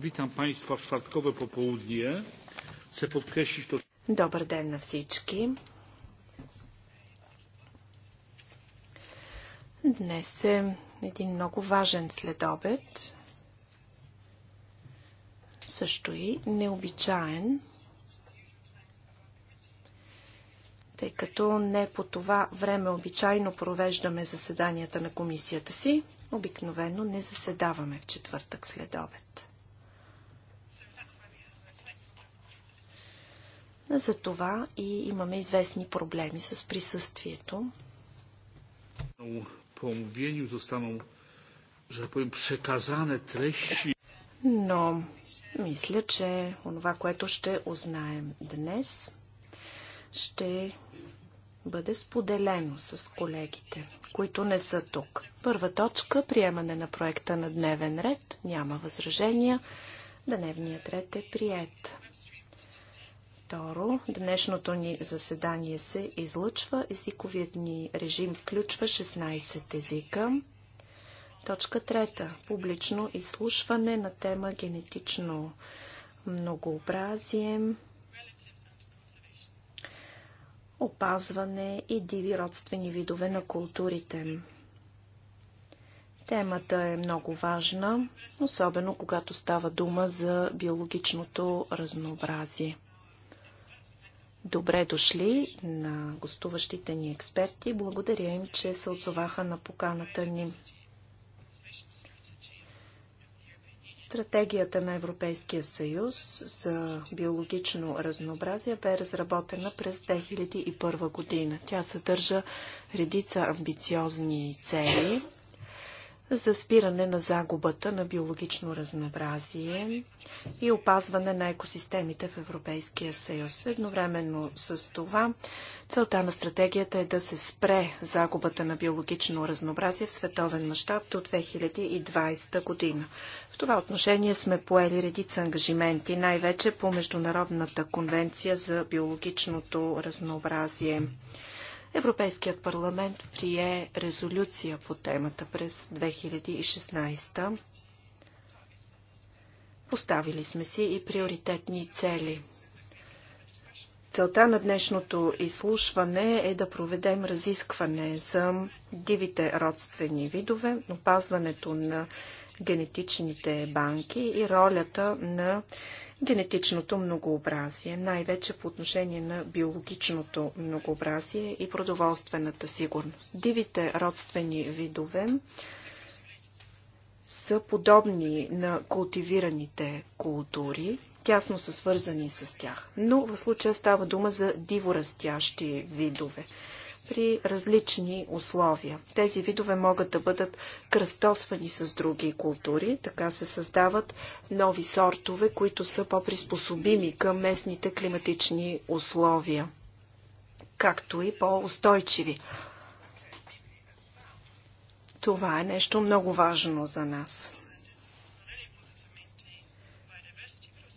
Witam Państwa w czwartkowe popołudnie. Chcę podkreślić to... Добър ден на всички. Днес е един много важен следобед, също и необичаен, тъй като не по това време обичайно провеждаме заседанията на комисията си, обикновено не заседаваме в четвъртък следобед. обед. Затова и имаме известни проблеми с присъствието. да преказане Но мисля, че онова, което ще узнаем днес, ще бъде споделено с колегите, които не са тук. Първа точка – приемане на проекта на дневен ред. Няма възражения. Дневният ред е прият. Второ, днешното ни заседание се излъчва. Езиковият ни режим включва 16 езика. Точка трета. Публично изслушване на тема генетично многообразие, опазване и диви родствени видове на културите. Темата е много важна, особено когато става дума за биологичното разнообразие. Добре дошли на гостуващите ни експерти. Благодаря им, че се отзоваха на поканата ни. Стратегията на Европейския съюз за биологично разнообразие бе разработена през 2001 година. Тя съдържа редица амбициозни цели, за спиране на загубата на биологично разнообразие и опазване на екосистемите в Европейския съюз. Едновременно с това целта на стратегията е да се спре загубата на биологично разнообразие в световен мащаб до 2020 година. В това отношение сме поели редица ангажименти, най-вече по Международната конвенция за биологичното разнообразие. Европейският парламент прие резолюция по темата през 2016. Поставили сме си и приоритетни цели. Целта на днешното изслушване е да проведем разискване за дивите родствени видове, опазването на генетичните банки и ролята на генетичното многообразие, най-вече по отношение на биологичното многообразие и продоволствената сигурност. Дивите родствени видове са подобни на култивираните култури, тясно са свързани с тях. Но в случая става дума за диворастящи видове при различни условия. Тези видове могат да бъдат кръстосвани с други култури, така се създават нови сортове, които са по-приспособими към местните климатични условия, както и по-устойчиви. Това е нещо много важно за нас.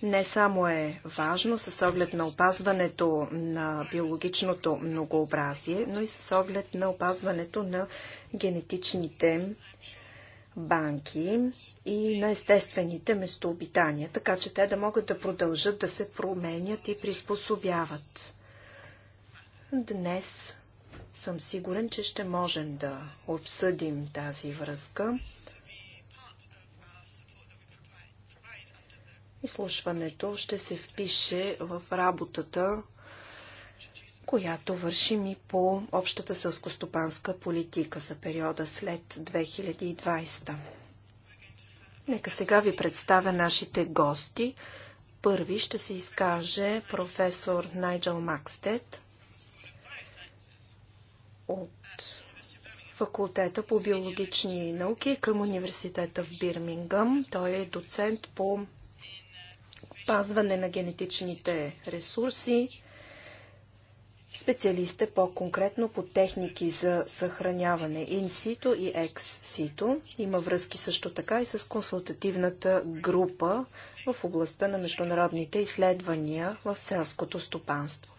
не само е важно с оглед на опазването на биологичното многообразие, но и с оглед на опазването на генетичните банки и на естествените местообитания, така че те да могат да продължат да се променят и приспособяват. Днес съм сигурен, че ще можем да обсъдим тази връзка. Изслушването ще се впише в работата, която вършим и по общата сълскостопанска политика за периода след 2020. Нека сега ви представя нашите гости. Първи ще се изкаже професор Найджел Макстед от факултета по биологични науки към университета в Бирмингъм. Той е доцент по опазване на генетичните ресурси. Специалист е по-конкретно по техники за съхраняване инсито и екс-сито. Има връзки също така и с консултативната група в областта на международните изследвания в селското стопанство.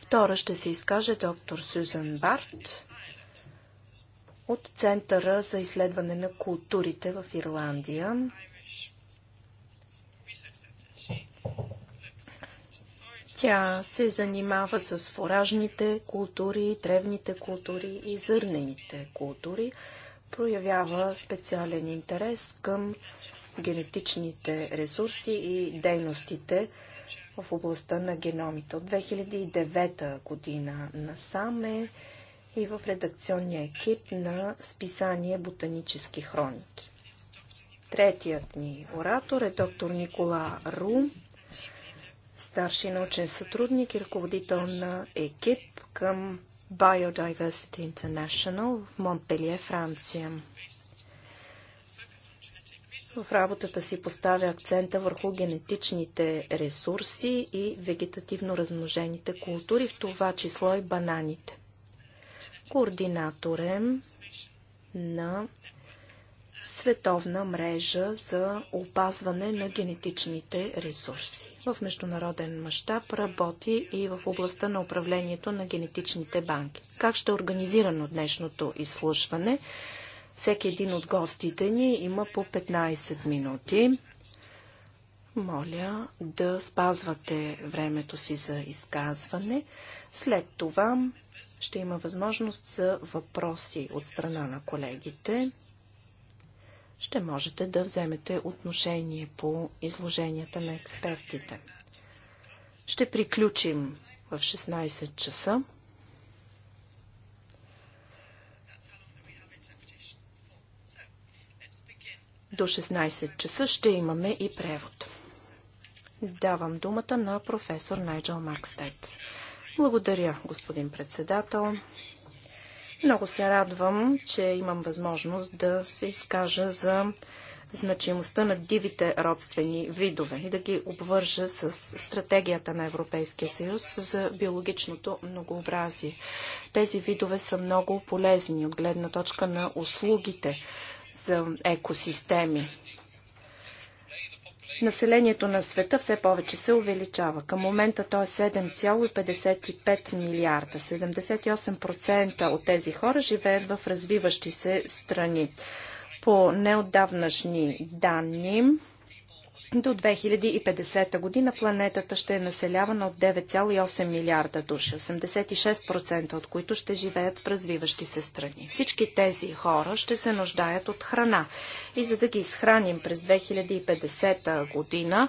Втора ще се изкаже доктор Сюзан Барт от Центъра за изследване на културите в Ирландия. Тя се занимава с фуражните култури, древните култури и зърнените култури. Проявява специален интерес към генетичните ресурси и дейностите в областта на геномите. От 2009 година насам е и в редакционния екип на списание Ботанически хроники. Третият ни оратор е доктор Никола Рум старши научен сътрудник и ръководител на екип към Biodiversity International в Монпелие, Франция. В работата си поставя акцента върху генетичните ресурси и вегетативно размножените култури, в това число и бананите. Координаторем на световна мрежа за опазване на генетичните ресурси. В международен мащаб работи и в областта на управлението на генетичните банки. Как ще е организирано днешното изслушване? Всеки един от гостите ни има по 15 минути. Моля да спазвате времето си за изказване. След това ще има възможност за въпроси от страна на колегите ще можете да вземете отношение по изложенията на експертите. Ще приключим в 16 часа. До 16 часа ще имаме и превод. Давам думата на професор Найджел Макстайт. Благодаря, господин председател. Много се радвам, че имам възможност да се изкажа за значимостта на дивите родствени видове и да ги обвържа с стратегията на Европейския съюз за биологичното многообразие. Тези видове са много полезни от гледна точка на услугите за екосистеми. Населението на света все повече се увеличава. Към момента то е 7,55 милиарда. 78% от тези хора живеят в развиващи се страни. По неотдавнашни данни до 2050 година планетата ще е населявана от 9,8 милиарда души, 86% от които ще живеят в развиващи се страни. Всички тези хора ще се нуждаят от храна. И за да ги изхраним през 2050 година,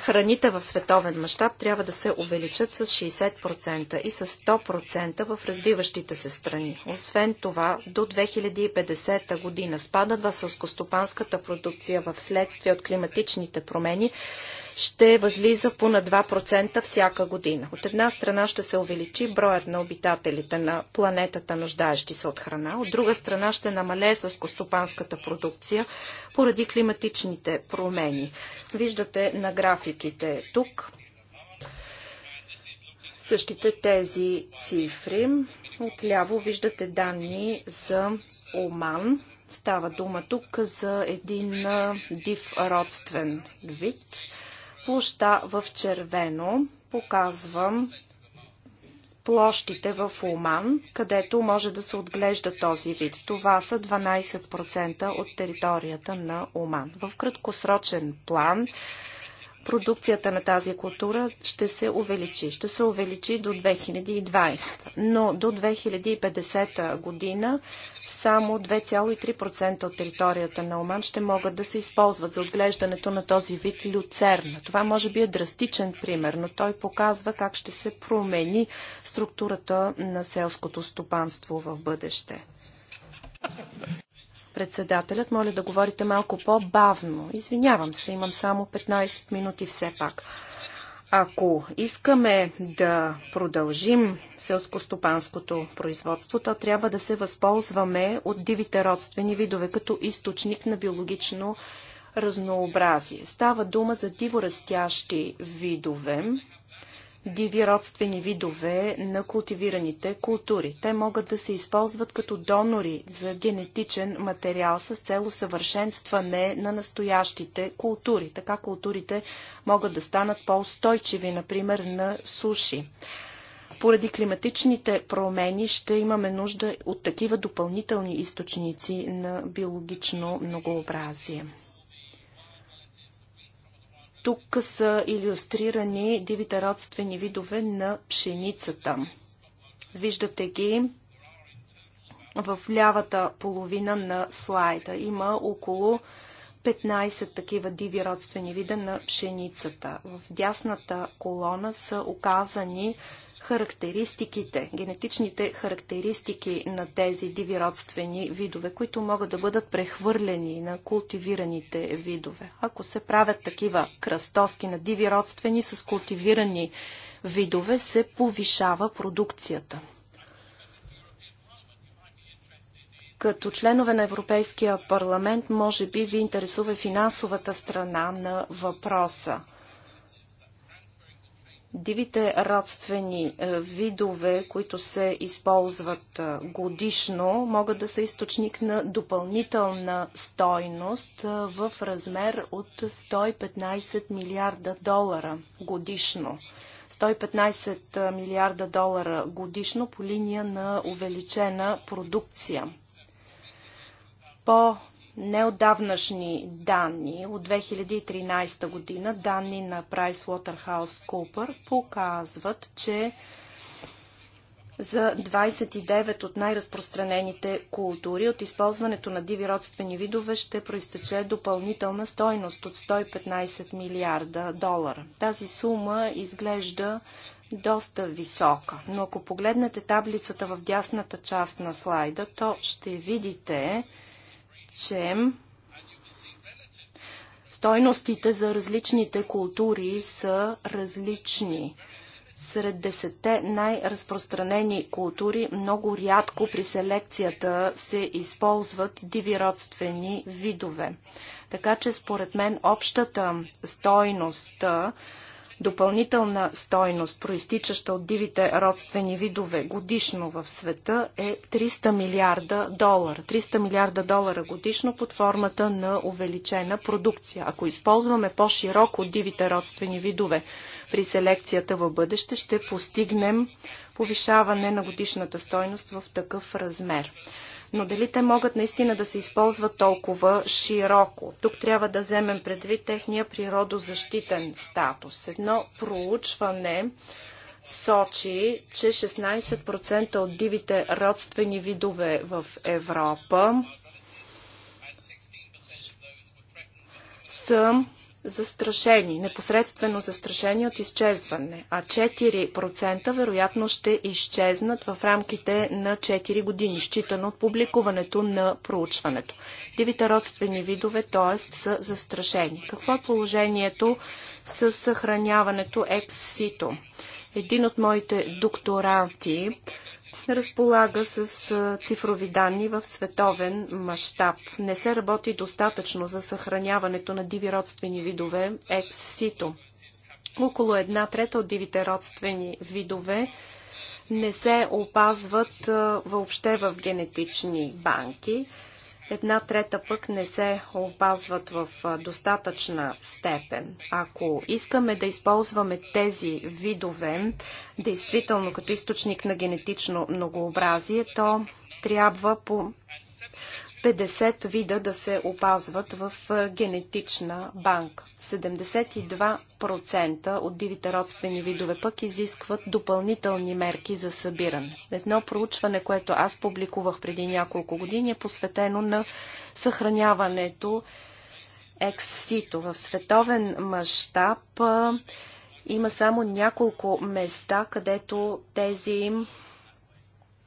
храните в световен мащаб трябва да се увеличат с 60% и с 100% в развиващите се страни. Освен това, до 2050 година спадът в селскостопанската продукция в следствие от климатичните промени ще възлиза по на 2% всяка година. От една страна ще се увеличи броят на обитателите на планетата, нуждаещи се от храна. От друга страна ще намалее костопанската продукция поради климатичните промени. Виждате на графиките тук същите тези цифри. Отляво виждате данни за Оман. Става дума тук за един див родствен вид. Площа в червено показвам площите в Оман, където може да се отглежда този вид. Това са 12% от територията на Оман. В краткосрочен план продукцията на тази култура ще се увеличи. Ще се увеличи до 2020. Но до 2050 година само 2,3% от територията на Оман ще могат да се използват за отглеждането на този вид люцерна. Това може би е драстичен пример, но той показва как ще се промени структурата на селското стопанство в бъдеще. Председателят, моля да говорите малко по-бавно. Извинявам се, имам само 15 минути все пак. Ако искаме да продължим селскостопанското производство, то трябва да се възползваме от дивите родствени видове като източник на биологично разнообразие. Става дума за диворастящи видове, диви родствени видове на култивираните култури. Те могат да се използват като донори за генетичен материал с цел усъвършенстване на настоящите култури. Така културите могат да станат по-устойчиви, например на суши. Поради климатичните промени ще имаме нужда от такива допълнителни източници на биологично многообразие. Тук са иллюстрирани дивите родствени видове на пшеницата. Виждате ги в лявата половина на слайда. Има около 15 такива диви родствени вида на пшеницата. В дясната колона са оказани характеристиките, генетичните характеристики на тези диви родствени видове, които могат да бъдат прехвърлени на култивираните видове. Ако се правят такива кръстоски на диви родствени с култивирани видове, се повишава продукцията. Като членове на Европейския парламент, може би ви интересува финансовата страна на въпроса. Дивите родствени е, видове, които се използват е, годишно, могат да са източник на допълнителна стойност е, в размер от 115 милиарда долара годишно. 115 милиарда долара годишно по линия на увеличена продукция. По неодавнашни данни от 2013 година, данни на PricewaterhouseCoopers, показват, че за 29 от най-разпространените култури от използването на диви родствени видове ще проистече допълнителна стойност от 115 милиарда долара. Тази сума изглежда доста висока, но ако погледнете таблицата в дясната част на слайда, то ще видите, че стойностите за различните култури са различни. Сред десете най-разпространени култури много рядко при селекцията се използват диви родствени видове. Така че според мен общата стойност допълнителна стойност, проистичаща от дивите родствени видове годишно в света е 300 милиарда долара. 300 милиарда долара годишно под формата на увеличена продукция. Ако използваме по-широко дивите родствени видове при селекцията в бъдеще, ще постигнем повишаване на годишната стойност в такъв размер но дали те могат наистина да се използват толкова широко? Тук трябва да вземем предвид техния природозащитен статус. Едно проучване сочи, че 16% от дивите родствени видове в Европа са застрашени, непосредствено застрашени от изчезване, а 4% вероятно ще изчезнат в рамките на 4 години, считано от публикуването на проучването. Дивите родствени видове, т.е. са застрашени. Какво е положението с съхраняването екс-сито? Един от моите докторанти разполага с цифрови данни в световен мащаб. Не се работи достатъчно за съхраняването на диви родствени видове екс-сито. Около една трета от дивите родствени видове не се опазват въобще в генетични банки една трета пък не се опазват в достатъчна степен. Ако искаме да използваме тези видове, действително като източник на генетично многообразие, то трябва по 50 вида да се опазват в генетична банка. 72% от дивите родствени видове пък изискват допълнителни мерки за събиране. Едно проучване, което аз публикувах преди няколко години, е посветено на съхраняването ексито. В световен мащаб има само няколко места, където тези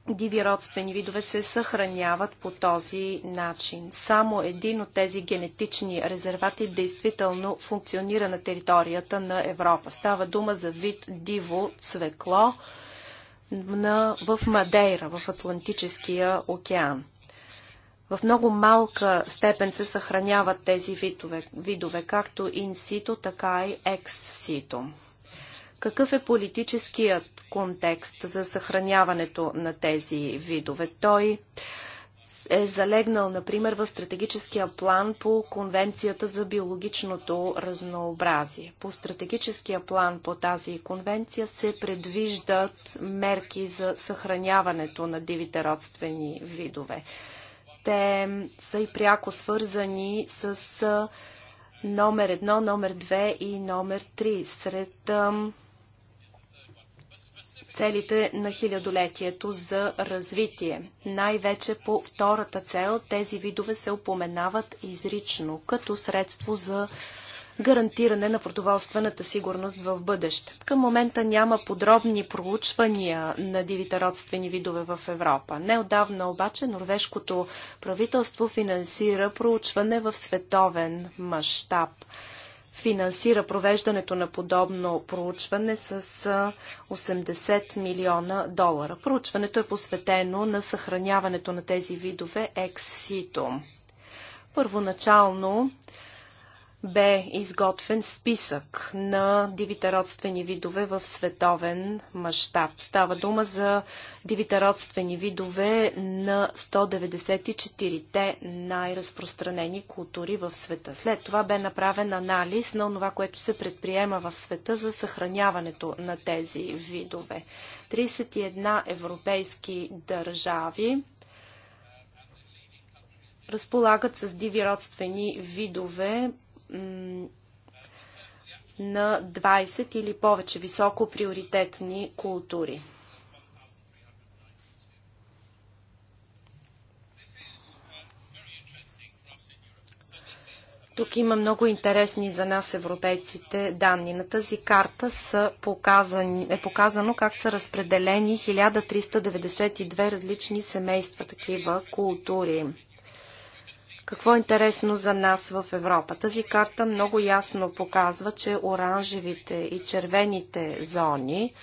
диви родствени видове се съхраняват по този начин. Само един от тези генетични резервати действително функционира на територията на Европа. Става дума за вид диво цвекло на, в Мадейра, в Атлантическия океан. В много малка степен се съхраняват тези видове, видове както инсито, така и екс-сито. Какъв е политическият контекст за съхраняването на тези видове? Той е залегнал, например, в стратегическия план по Конвенцията за биологичното разнообразие. По стратегическия план по тази конвенция се предвиждат мерки за съхраняването на дивите родствени видове. Те са и пряко свързани с номер едно, номер две и номер три. Сред целите на хилядолетието за развитие. Най-вече по втората цел тези видове се упоменават изрично като средство за гарантиране на продоволствената сигурност в бъдеще. Към момента няма подробни проучвания на дивите родствени видове в Европа. Неодавна обаче норвежкото правителство финансира проучване в световен мащаб финансира провеждането на подобно проучване с 80 милиона долара. Проучването е посветено на съхраняването на тези видове екситум. Първоначално бе изготвен списък на дивите родствени видове в световен мащаб. Става дума за дивите родствени видове на 194-те най-разпространени култури в света. След това бе направен анализ на това, което се предприема в света за съхраняването на тези видове. 31 европейски държави разполагат с диви родствени видове, на 20 или повече високо приоритетни култури. Тук има много интересни за нас европейците данни. На тази карта са показани, е показано как са разпределени 1392 различни семейства такива култури. Какво е интересно за нас в Европа? Тази карта много ясно показва, че оранжевите и червените зони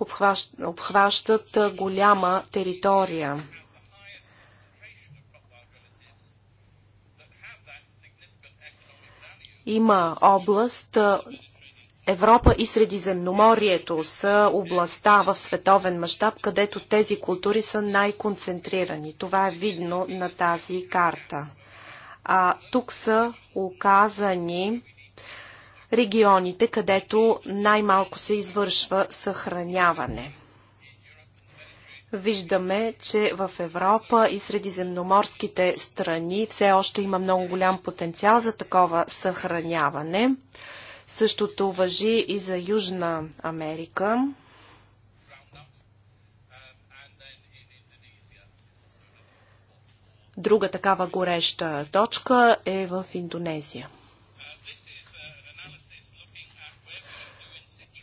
обхващат, обхващат голяма територия. Има област, Европа и Средиземноморието са областта в световен мащаб, където тези култури са най-концентрирани. Това е видно на тази карта а тук са оказани регионите, където най-малко се извършва съхраняване. Виждаме, че в Европа и средиземноморските страни все още има много голям потенциал за такова съхраняване. Същото въжи и за Южна Америка. Друга такава гореща точка е в Индонезия.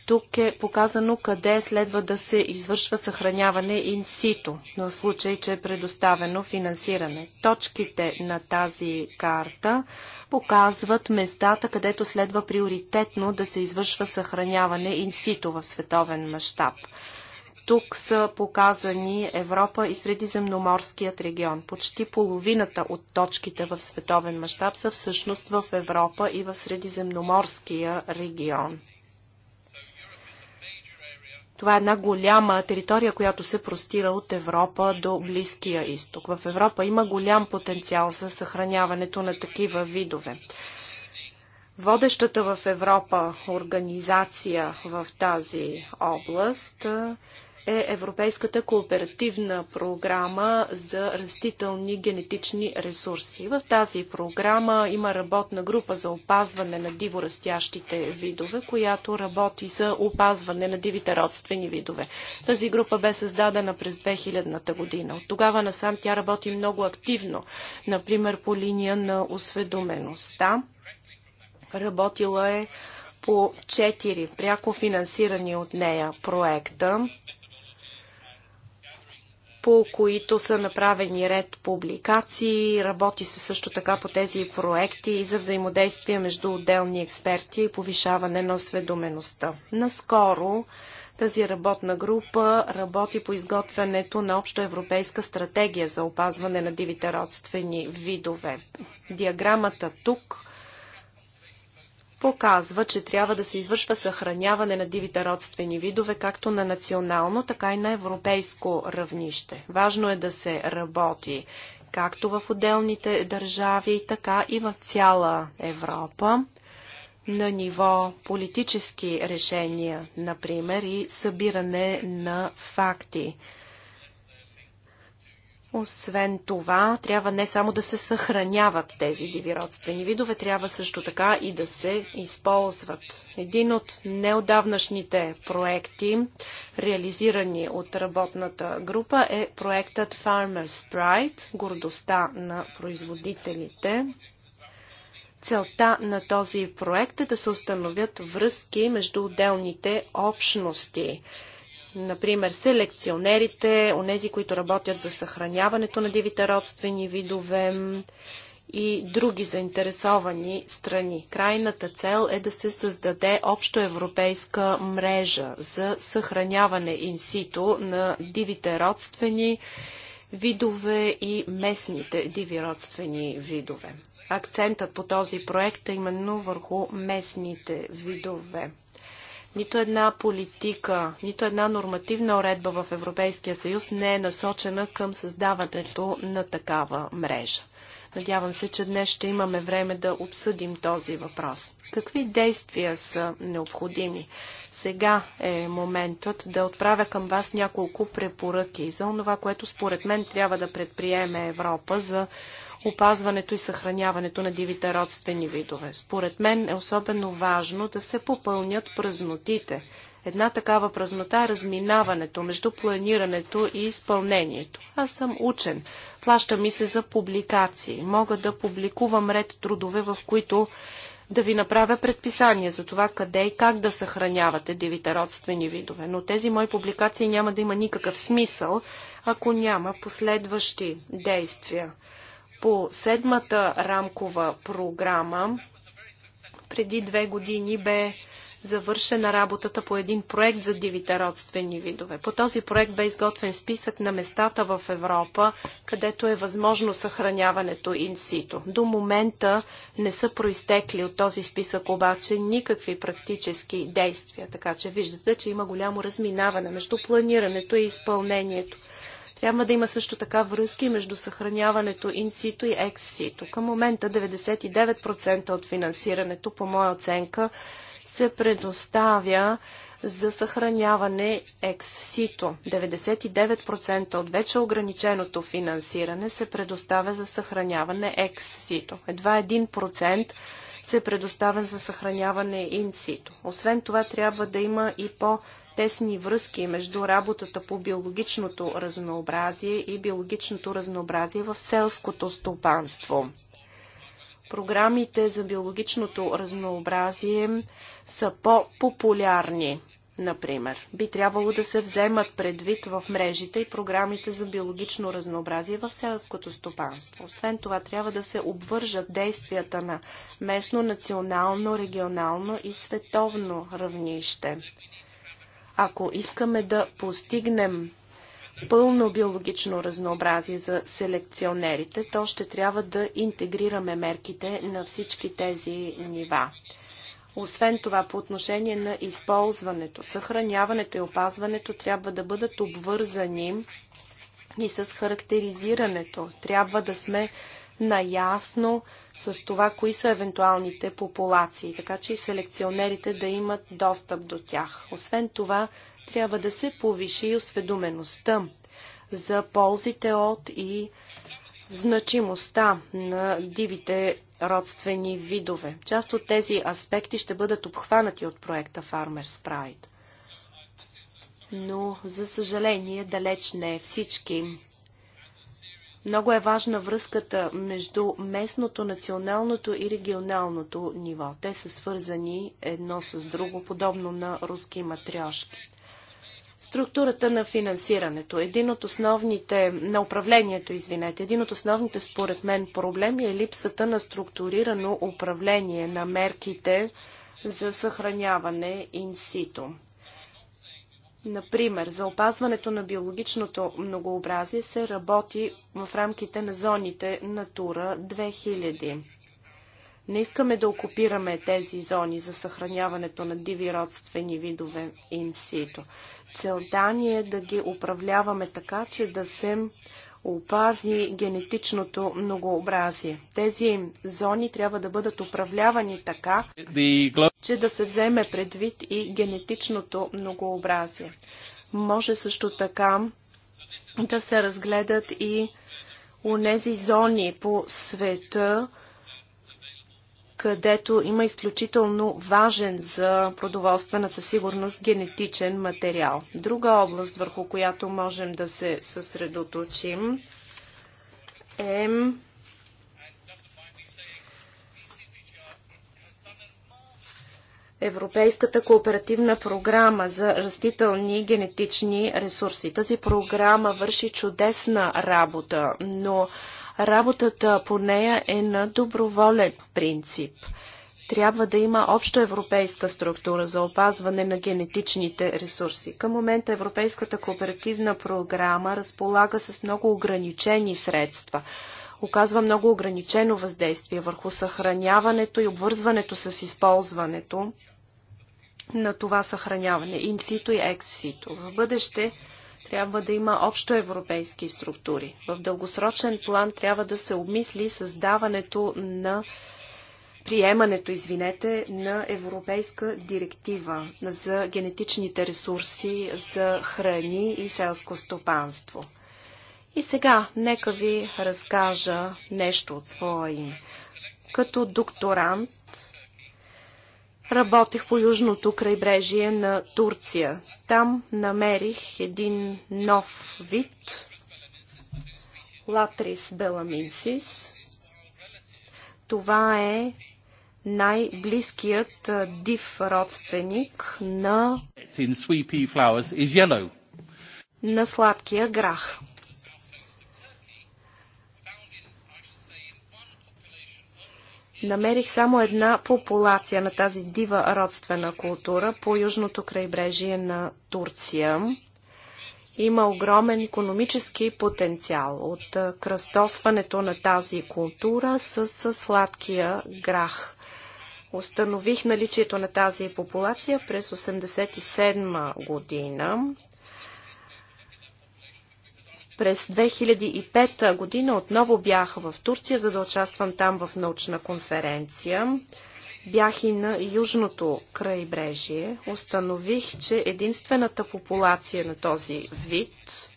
Тук е показано къде следва да се извършва съхраняване инсито, в случай, че е предоставено финансиране. Точките на тази карта показват местата, където следва приоритетно да се извършва съхраняване инсито в световен мащаб. Тук са показани Европа и Средиземноморският регион. Почти половината от точките в световен мащаб са всъщност в Европа и в Средиземноморския регион. Това е една голяма територия, която се простира от Европа до Близкия изток. В Европа има голям потенциал за съхраняването на такива видове. Водещата в Европа организация в тази област е Европейската кооперативна програма за растителни генетични ресурси. В тази програма има работна група за опазване на диворастящите видове, която работи за опазване на дивите родствени видове. Тази група бе създадена през 2000-та година. От тогава насам тя работи много активно, например по линия на осведомеността. Работила е по четири пряко финансирани от нея проекта по които са направени ред публикации. Работи се също така по тези проекти и за взаимодействие между отделни експерти и повишаване на осведомеността. Наскоро тази работна група работи по изготвянето на общоевропейска стратегия за опазване на дивите родствени видове. Диаграмата тук – показва, че трябва да се извършва съхраняване на дивите родствени видове, както на национално, така и на европейско равнище. Важно е да се работи както в отделните държави, така и в цяла Европа на ниво политически решения, например, и събиране на факти. Освен това, трябва не само да се съхраняват тези диви родствени видове, трябва също така и да се използват. Един от неодавнашните проекти, реализирани от работната група, е проектът Farmer's Pride – гордостта на производителите. Целта на този проект е да се установят връзки между отделните общности – Например, селекционерите, онези, които работят за съхраняването на дивите родствени видове и други заинтересовани страни. Крайната цел е да се създаде общоевропейска мрежа за съхраняване инсито на дивите родствени видове и местните диви родствени видове. Акцентът по този проект е именно върху местните видове. Нито една политика, нито една нормативна уредба в Европейския съюз не е насочена към създаването на такава мрежа. Надявам се, че днес ще имаме време да обсъдим този въпрос. Какви действия са необходими? Сега е моментът да отправя към вас няколко препоръки за това, което според мен трябва да предприеме Европа за опазването и съхраняването на дивите родствени видове. Според мен е особено важно да се попълнят празнотите. Една такава празнота е разминаването между планирането и изпълнението. Аз съм учен. Плаща ми се за публикации. Мога да публикувам ред трудове, в които да ви направя предписание за това къде и как да съхранявате дивите родствени видове. Но тези мои публикации няма да има никакъв смисъл, ако няма последващи действия по седмата рамкова програма преди две години бе завършена работата по един проект за дивите родствени видове. По този проект бе изготвен списък на местата в Европа, където е възможно съхраняването инсито. До момента не са проистекли от този списък обаче никакви практически действия, така че виждате, че има голямо разминаване между планирането и изпълнението. Трябва да има също така връзки между съхраняването инсито и екссито. Към момента 99% от финансирането, по моя оценка, се предоставя за съхраняване ексито. 99% от вече ограниченото финансиране се предоставя за съхраняване ексито. Едва 1% се предоставя за съхраняване инсито. Освен това трябва да има и по- тесни връзки между работата по биологичното разнообразие и биологичното разнообразие в селското стопанство. Програмите за биологичното разнообразие са по-популярни например. Би трябвало да се вземат предвид в мрежите и програмите за биологично разнообразие в селското стопанство. Освен това, трябва да се обвържат действията на местно, национално, регионално и световно равнище. Ако искаме да постигнем пълно биологично разнообразие за селекционерите, то ще трябва да интегрираме мерките на всички тези нива. Освен това, по отношение на използването, съхраняването и опазването трябва да бъдат обвързани и с характеризирането. Трябва да сме наясно с това, кои са евентуалните популации, така че и селекционерите да имат достъп до тях. Освен това, трябва да се повиши и осведомеността за ползите от и значимостта на дивите родствени видове. Част от тези аспекти ще бъдат обхванати от проекта Farmers Pride. Но, за съжаление, далеч не всички много е важна връзката между местното, националното и регионалното ниво. Те са свързани едно с друго, подобно на руски матрешки. Структурата на финансирането. Един от основните, на управлението, извинете, един от основните според мен проблеми е липсата на структурирано управление на мерките за съхраняване инсито. Например, за опазването на биологичното многообразие се работи в рамките на зоните Натура 2000. Не искаме да окупираме тези зони за съхраняването на диви родствени видове инсито. Целта ни е да ги управляваме така, че да се опази генетичното многообразие. Тези зони трябва да бъдат управлявани така, че да се вземе предвид и генетичното многообразие. Може също така да се разгледат и унези зони по света, където има изключително важен за продоволствената сигурност генетичен материал. Друга област, върху която можем да се съсредоточим е Европейската кооперативна програма за растителни генетични ресурси. Тази програма върши чудесна работа, но Работата по нея е на доброволен принцип. Трябва да има общо европейска структура за опазване на генетичните ресурси. Към момента Европейската кооперативна програма разполага с много ограничени средства оказва много ограничено въздействие върху съхраняването и обвързването с използването на това съхраняване, инсито и ексито. В бъдеще трябва да има общо европейски структури. В дългосрочен план трябва да се обмисли създаването на приемането, извинете, на европейска директива за генетичните ресурси за храни и селско стопанство. И сега нека ви разкажа нещо от своя име. Като докторант работех по южното крайбрежие на Турция. Там намерих един нов вид Латрис беламинсис. Това е най-близкият див родственик на на сладкия грах. Намерих само една популация на тази дива родствена култура по южното крайбрежие на Турция. Има огромен економически потенциал от кръстосването на тази култура с, сладкия грах. Установих наличието на тази популация през 1987 година. През 2005 година отново бях в Турция, за да участвам там в научна конференция. Бях и на южното крайбрежие. Установих, че единствената популация на този вид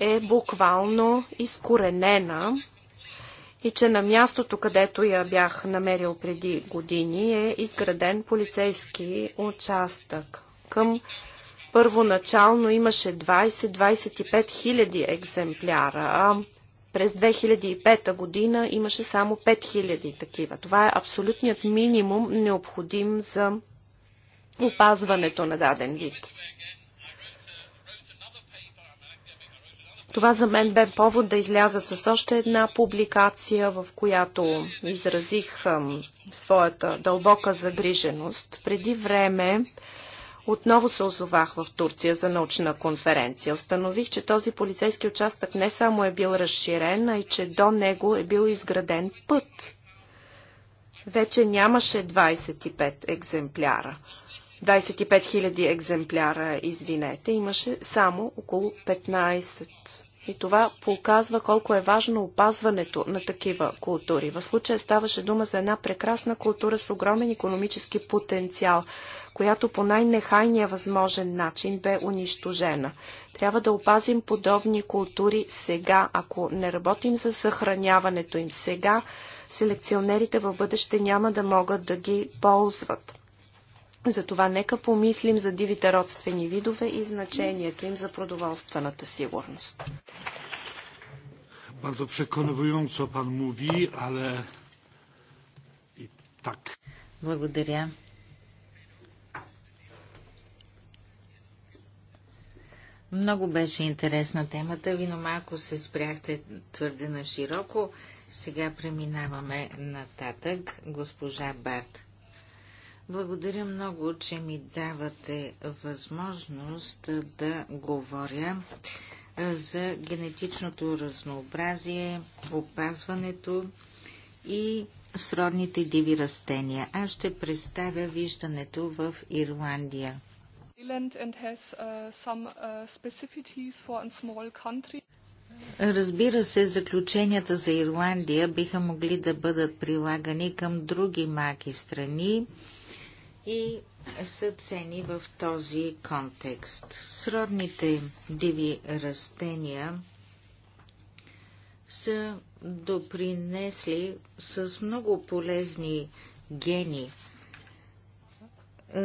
е буквално изкоренена и че на мястото, където я бях намерил преди години, е изграден полицейски участък. Към Първоначално имаше 20-25 хиляди екземпляра, а през 2005 година имаше само 5 хиляди такива. Това е абсолютният минимум необходим за опазването на даден вид. Това за мен бе повод да изляза с още една публикация, в която изразих своята дълбока загриженост. Преди време отново се озовах в Турция за научна конференция. Установих, че този полицейски участък не само е бил разширен, а и че до него е бил изграден път. Вече нямаше 25 екземпляра. 25 000 екземпляра, извинете, имаше само около 15. И това показва колко е важно опазването на такива култури. В случая ставаше дума за една прекрасна култура с огромен економически потенциал, която по най-нехайния възможен начин бе унищожена. Трябва да опазим подобни култури сега. Ако не работим за съхраняването им сега, селекционерите в бъдеще няма да могат да ги ползват. Затова нека помислим за дивите родствени видове и значението им за продоволствената сигурност. Bardzo przekonująco pan mówi, ale i tak. Благодаря. Много беше интересна темата. Ви, но малко се спряхте твърде на широко. Сега преминаваме нататък. Госпожа Барт. Благодаря много, че ми давате възможност да говоря за генетичното разнообразие, опазването и сродните диви растения. Аз ще представя виждането в Ирландия. Uh, uh, Разбира се, заключенията за Ирландия биха могли да бъдат прилагани към други маки страни и са цени в този контекст. Сродните диви растения са допринесли с много полезни гени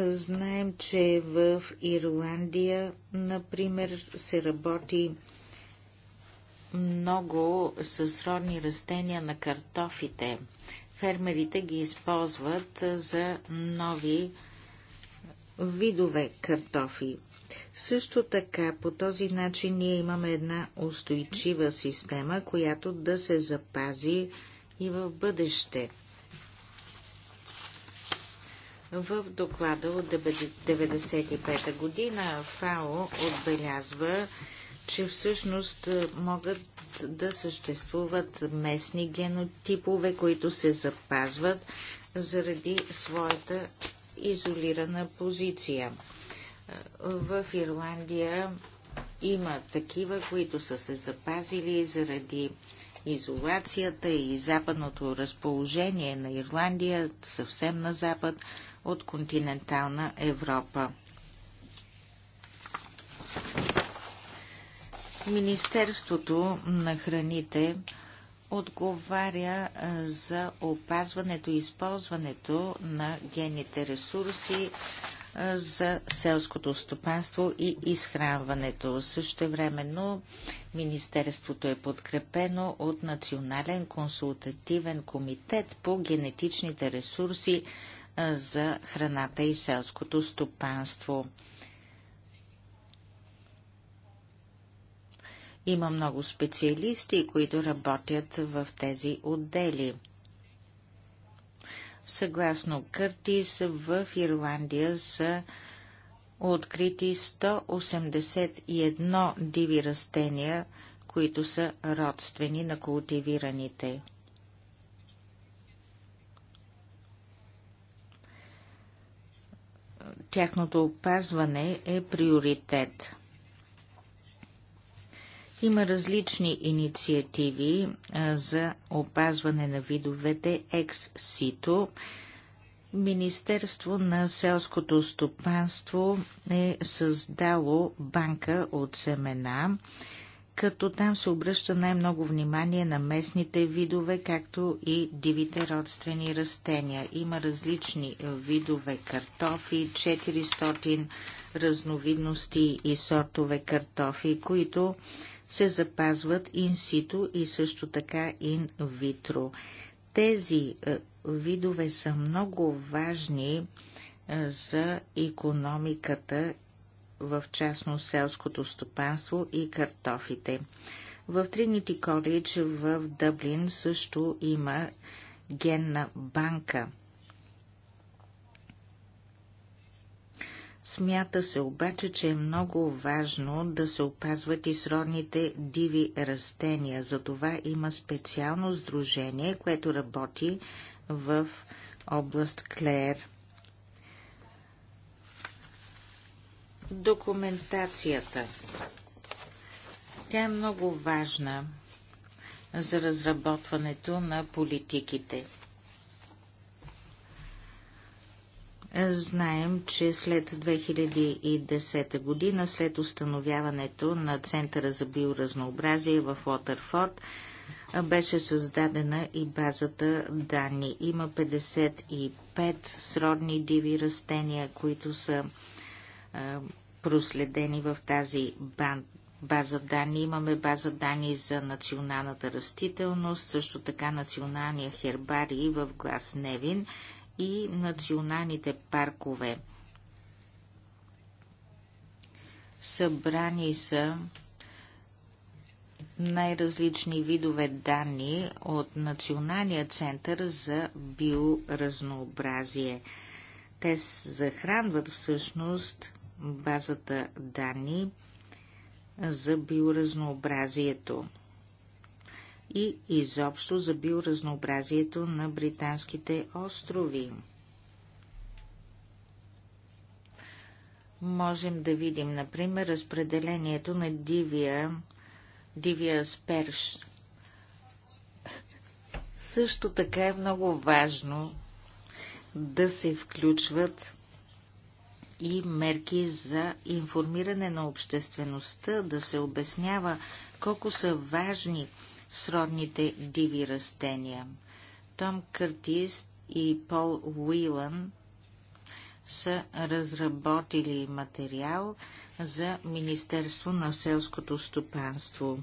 Знаем, че в Ирландия, например, се работи много с родни растения на картофите. Фермерите ги използват за нови видове картофи. Също така, по този начин ние имаме една устойчива система, която да се запази и в бъдеще. В доклада от 1995 година ФАО отбелязва, че всъщност е, могат да съществуват местни генотипове, които се запазват заради своята изолирана позиция. Е, в Ирландия има такива, които са се запазили заради изолацията и западното разположение на Ирландия съвсем на запад от континентална Европа. Министерството на храните отговаря за опазването и използването на генните ресурси за селското стопанство и изхранването. времено Министерството е подкрепено от Национален консултативен комитет по генетичните ресурси за храната и селското стопанство. Има много специалисти, които работят в тези отдели. Съгласно Къртис, в Ирландия са открити 181 диви растения, които са родствени на култивираните. тяхното опазване е приоритет. Има различни инициативи за опазване на видовете екс-сито. Министерство на селското стопанство е създало банка от семена, като там се обръща най-много внимание на местните видове, както и дивите родствени растения. Има различни видове картофи, 400 разновидности и сортове картофи, които се запазват инсито и също така ин витро. Тези е, видове са много важни е, за економиката в частност селското стопанство и картофите. В Тринити коледж в Дъблин също има генна банка. Смята се обаче, че е много важно да се опазват и сродните диви растения. Затова има специално сдружение, което работи в област Клеер. документацията. Тя е много важна за разработването на политиките. Знаем, че след 2010 година, след установяването на Центъра за биоразнообразие в Уотърфорд, беше създадена и базата данни. Има 55 сродни диви растения, които са проследени в тази бан, база данни. Имаме база данни за националната растителност, също така националния хербарий в Глас Невин и националните паркове. Събрани са най-различни видове данни от Националния център за биоразнообразие. Те захранват всъщност базата данни за биоразнообразието и изобщо за биоразнообразието на британските острови. Можем да видим, например, разпределението на дивия, дивия сперш. Също така е много важно да се включват и мерки за информиране на обществеността, да се обяснява колко са важни сродните диви растения. Том Къртис и Пол Уилан са разработили материал за Министерство на селското стопанство.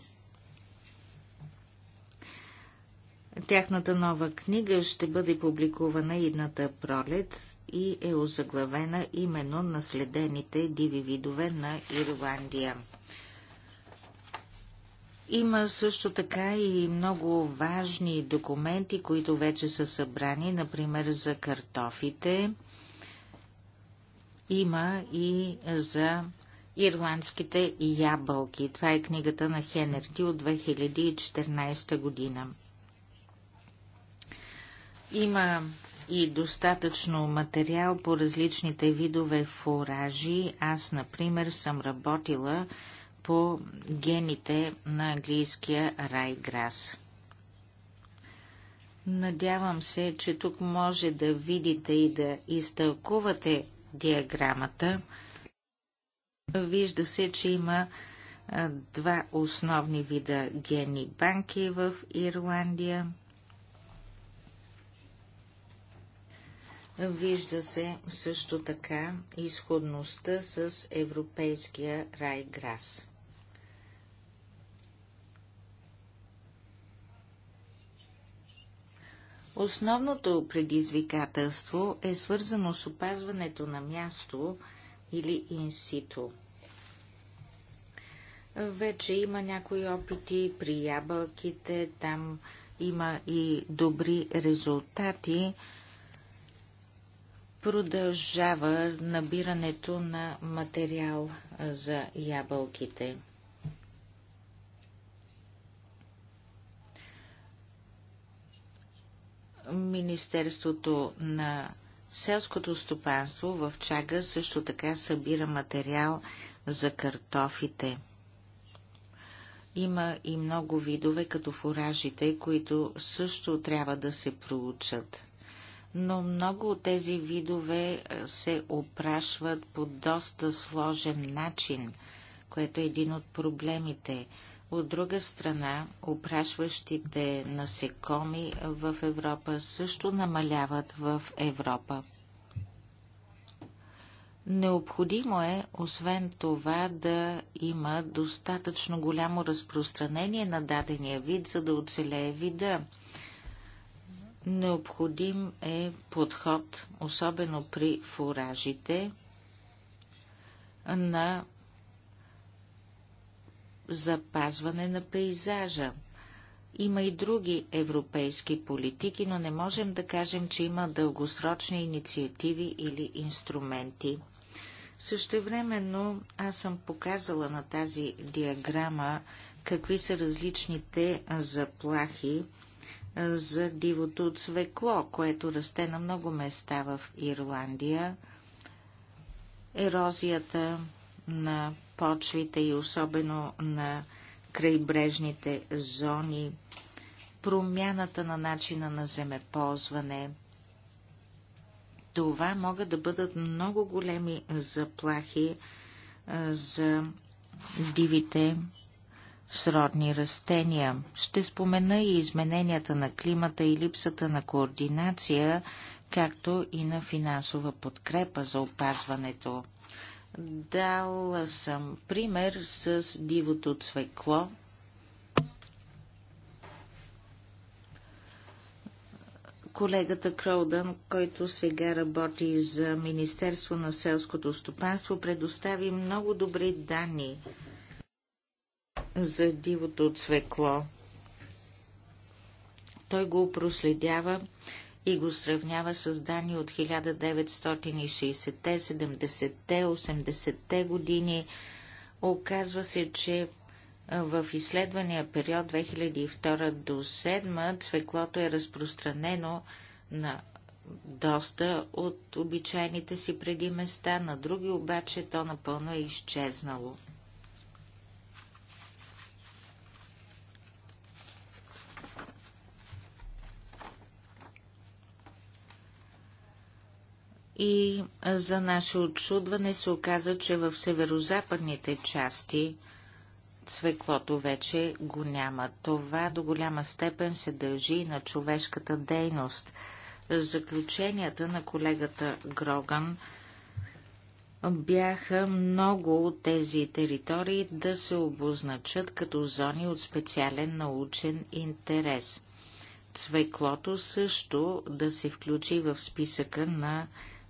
Тяхната нова книга ще бъде публикувана едната пролет и е озаглавена именно наследените диви видове на Ирландия. Има също така и много важни документи, които вече са събрани, например за картофите. Има и за ирландските ябълки. Това е книгата на Хенерти от 2014 година. Има и достатъчно материал по различните видове фуражи. Аз, например, съм работила по гените на английския райграс. Надявам се, че тук може да видите и да изтълкувате диаграмата. Вижда се, че има два основни вида гени банки в Ирландия – Вижда се също така изходността с европейския райграс. Основното предизвикателство е свързано с опазването на място или инсито. Вече има някои опити при ябълките, там има и добри резултати, Продължава набирането на материал за ябълките. Министерството на селското стопанство в Чага също така събира материал за картофите. Има и много видове, като фуражите, които също трябва да се проучат но много от тези видове е, се опрашват по доста сложен начин, което е един от проблемите. От друга страна, опрашващите насекоми в Европа също намаляват в Европа. Необходимо е, освен това, да има достатъчно голямо разпространение на дадения вид, за да оцелее вида. Необходим е подход, особено при фуражите, на запазване на пейзажа. Има и други европейски политики, но не можем да кажем, че има дългосрочни инициативи или инструменти. Същевременно аз съм показала на тази диаграма какви са различните заплахи за дивото от свекло, което расте на много места в Ирландия. Ерозията на почвите и особено на крайбрежните зони, промяната на начина на земеползване. Това могат да бъдат много големи заплахи за дивите сродни растения. Ще спомена и измененията на климата и липсата на координация, както и на финансова подкрепа за опазването. Дала съм пример с дивото цвекло. Колегата Кролдън, който сега работи за Министерство на селското стопанство, предостави много добри данни за дивото цвекло. Той го проследява и го сравнява с данни от 1960-те, 70-те, 80-те години. Оказва се, че в изследвания период 2002 до 2007 цвеклото е разпространено на доста от обичайните си преди места, на други обаче то напълно е изчезнало. И за наше отчудване се оказа, че в северо-западните части цвеклото вече го няма. Това до голяма степен се дължи и на човешката дейност. Заключенията на колегата Гроган бяха много от тези територии да се обозначат като зони от специален научен интерес. Цвеклото също да се включи в списъка на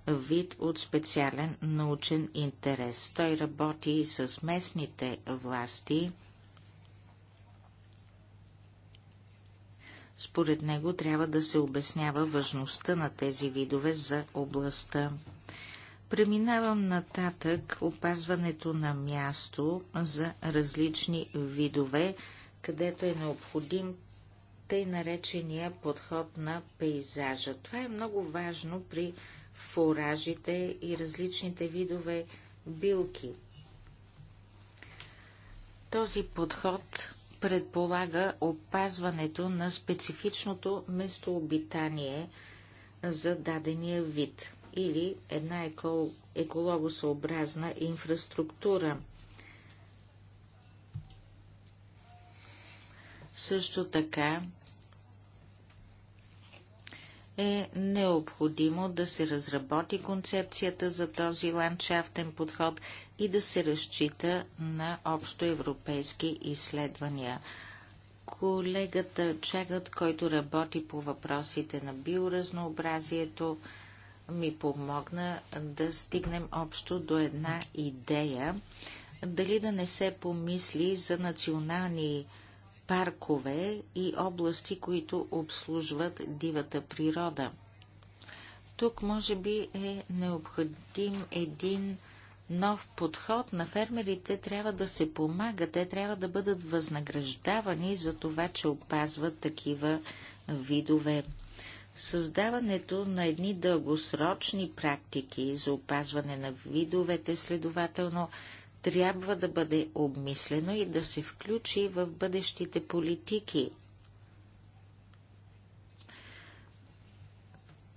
вид от специален научен интерес. Той работи и с местните власти. Според него трябва да се обяснява важността на тези видове за областта. Преминавам нататък опазването на място за различни видове, където е необходим тъй наречения подход на пейзажа. Това е много важно при фуражите и различните видове билки. Този подход предполага опазването на специфичното местообитание за дадения вид или една екологосъобразна инфраструктура. Също така е необходимо да се разработи концепцията за този ландшафтен подход и да се разчита на общоевропейски изследвания. Колегата Чегът, който работи по въпросите на биоразнообразието, ми помогна да стигнем общо до една идея. Дали да не се помисли за национални паркове и области, които обслужват дивата природа. Тук може би е необходим един нов подход на фермерите трябва да се помага, те трябва да бъдат възнаграждавани за това, че опазват такива видове. Създаването на едни дългосрочни практики за опазване на видовете, следователно, трябва да бъде обмислено и да се включи в бъдещите политики.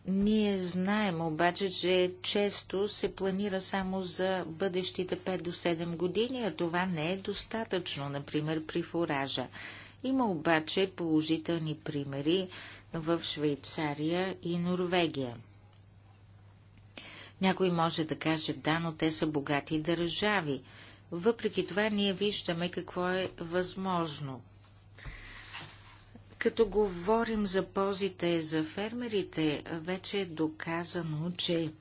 Ние знаем обаче, че често се планира само за бъдещите 5 до 7 години, а това не е достатъчно, например при фуража. Има обаче положителни примери в Швейцария и Норвегия. Някой може да каже, да, но те са богати държави. Въпреки това ние виждаме какво е възможно. Като говорим за ползите за фермерите, вече е доказано, че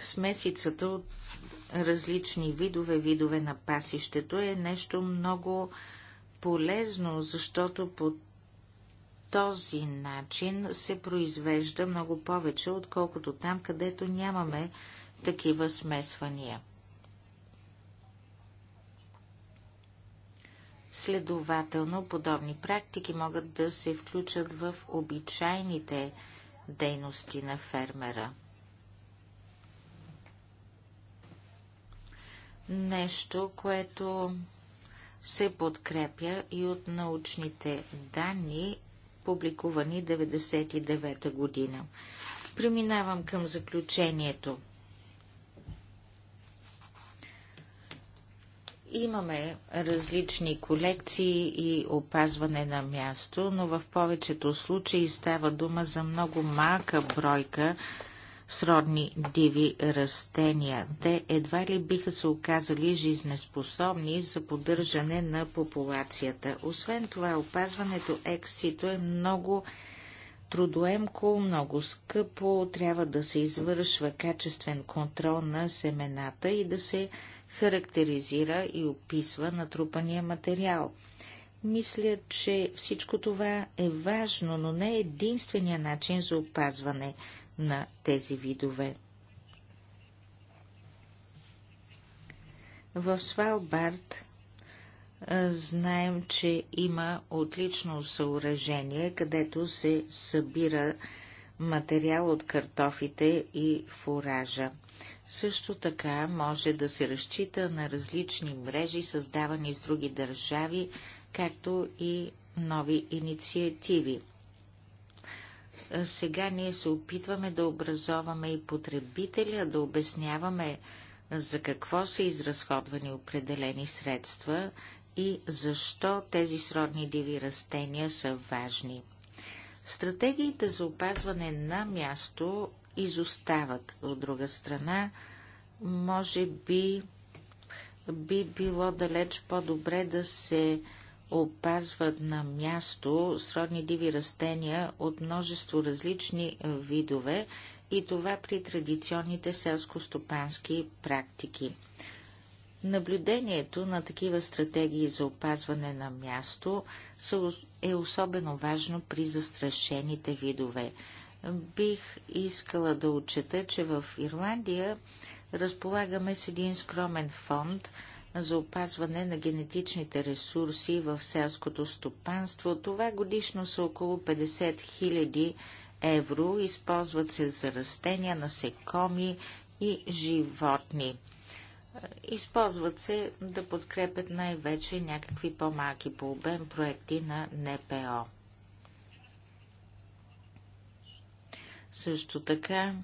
смесицата от различни видове, видове на пасището е нещо много полезно, защото под този начин се произвежда много повече, отколкото там, където нямаме такива смесвания. Следователно, подобни практики могат да се включат в обичайните дейности на фермера. Нещо, което се подкрепя и от научните данни публикувани та година. Преминавам към заключението. Имаме различни колекции и опазване на място, но в повечето случаи става дума за много малка бройка сродни диви растения. Те едва ли биха се оказали жизнеспособни за поддържане на популацията. Освен това, опазването ексито е много трудоемко, много скъпо, трябва да се извършва качествен контрол на семената и да се характеризира и описва натрупания материал. Мисля, че всичко това е важно, но не е единствения начин за опазване на тези видове. В Свалбард знаем, че има отлично съоръжение, където се събира материал от картофите и фуража. Също така може да се разчита на различни мрежи, създавани с други държави, както и нови инициативи. Сега ние се опитваме да образоваме и потребителя, да обясняваме за какво са изразходвани определени средства и защо тези сродни диви растения са важни. Стратегиите за опазване на място изостават. От друга страна, може би би било далеч по-добре да се опазват на място сродни диви растения от множество различни видове и това при традиционните селско-стопански практики. Наблюдението на такива стратегии за опазване на място е особено важно при застрашените видове. Бих искала да отчета, че в Ирландия разполагаме с един скромен фонд – за опазване на генетичните ресурси в селското стопанство. Това годишно са около 50 000 евро. Използват се за растения, насекоми и животни. Използват се да подкрепят най-вече някакви по-малки по обем проекти на НПО. Също така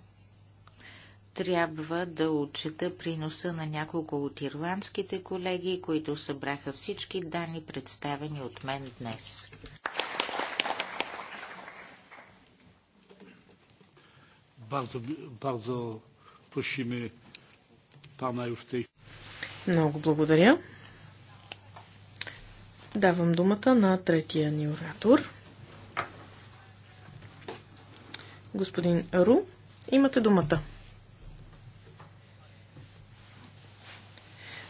трябва да отчета приноса на няколко от ирландските колеги, които събраха всички данни, представени от мен днес. Много благодаря. Давам думата на третия ни оратор. Господин Ру, имате думата.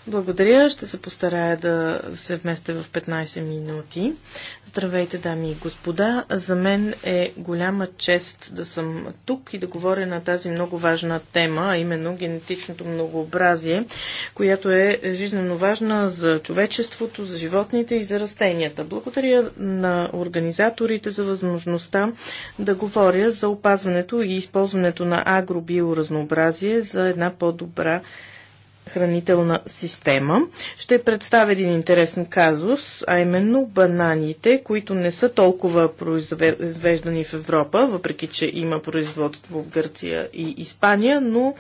Благодаря. Ще се постарая да се вместя в 15 минути. Здравейте, дами и господа. За мен е голяма чест да съм тук и да говоря на тази много важна тема, а именно генетичното многообразие, която е жизненно важна за човечеството, за животните и за растенията. Благодаря на организаторите за възможността да говоря за опазването и използването на агробиоразнообразие за една по-добра хранителна система. Ще представя един интересен казус, а именно бананите, които не са толкова произвеждани в Европа, въпреки че има производство в Гърция и Испания, но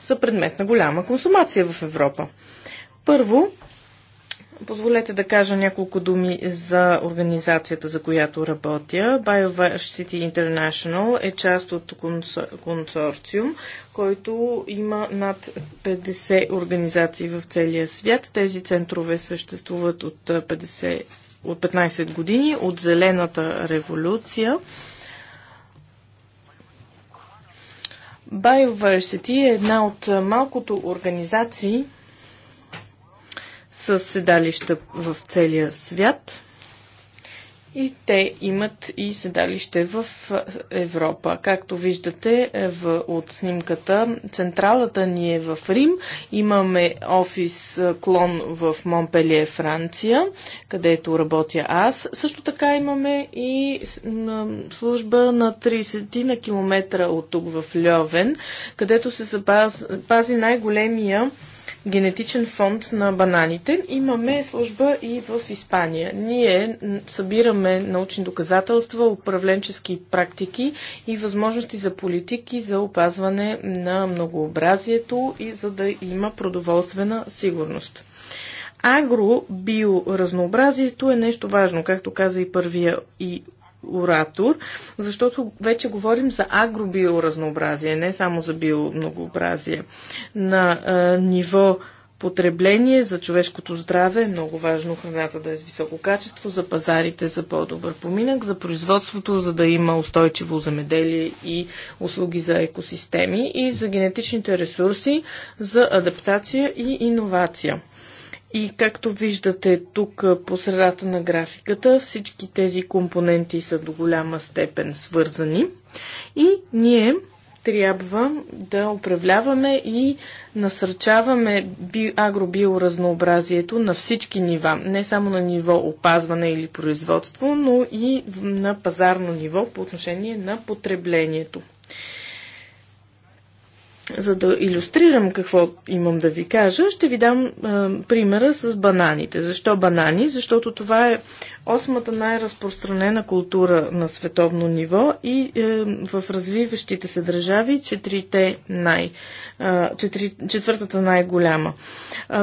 са предмет на голяма консумация в Европа. Първо, Позволете да кажа няколко думи за организацията, за която работя. BioVersity International е част от консорциум, който има над 50 организации в целия свят. Тези центрове съществуват от, 50, от 15 години, от Зелената революция. BioVersity е една от малкото организации, с седалища в целия свят. И те имат и седалище в Европа. Както виждате е, в, от снимката, централата ни е в Рим. Имаме офис е, клон в Монпелие, Франция, където работя аз. Също така имаме и служба на 30 на километра от тук в Льовен, където се запази най-големия генетичен фонд на бананите. Имаме служба и в Испания. Ние събираме научни доказателства, управленчески практики и възможности за политики за опазване на многообразието и за да има продоволствена сигурност. Агробиоразнообразието е нещо важно, както каза и първия и оратор, защото вече говорим за агробиоразнообразие, не само за биомногообразие. На а, ниво потребление за човешкото здраве е много важно храната да е с високо качество, за пазарите за по-добър поминък, за производството, за да има устойчиво замеделие и услуги за екосистеми и за генетичните ресурси, за адаптация и иновация. И както виждате тук по средата на графиката, всички тези компоненти са до голяма степен свързани и ние трябва да управляваме и насърчаваме агробиоразнообразието на всички нива, не само на ниво опазване или производство, но и на пазарно ниво по отношение на потреблението. За да иллюстрирам какво имам да ви кажа, ще ви дам а, примера с бананите. Защо банани? Защото това е осмата най-разпространена култура на световно ниво и е, в развиващите се държави четирите най, а, четири, четвъртата най-голяма.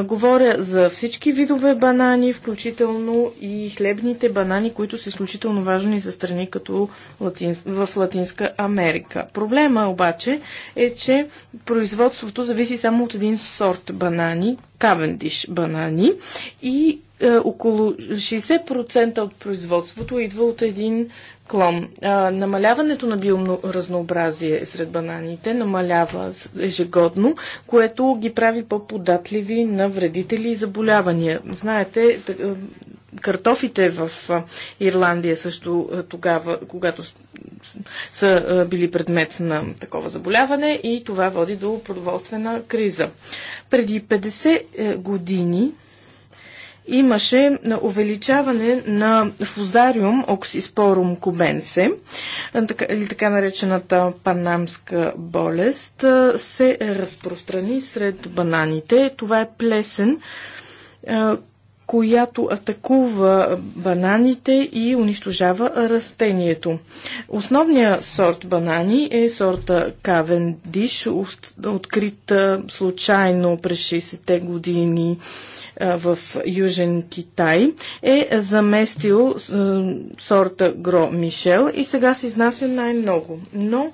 говоря за всички видове банани, включително и хлебните банани, които са изключително важни за страни като латин, в Латинска Америка. Проблема обаче е, че производството зависи само от един сорт банани, кавендиш банани и е, около 60% от производството идва от един клон. Е, намаляването на биоразнообразие сред бананите намалява ежегодно, което ги прави по-податливи на вредители и заболявания. Знаете, е, картофите в Ирландия също тогава, когато са били предмет на такова заболяване и това води до продоволствена криза. Преди 50 е, години имаше увеличаване на фузариум оксиспорум кубенсе, или така наречената панамска болест, се разпространи сред бананите. Това е плесен, която атакува бананите и унищожава растението. Основният сорт банани е сорта Кавендиш, открит случайно през 60-те години в Южен Китай, е заместил сорта Гро Мишел и сега се изнася най-много. Но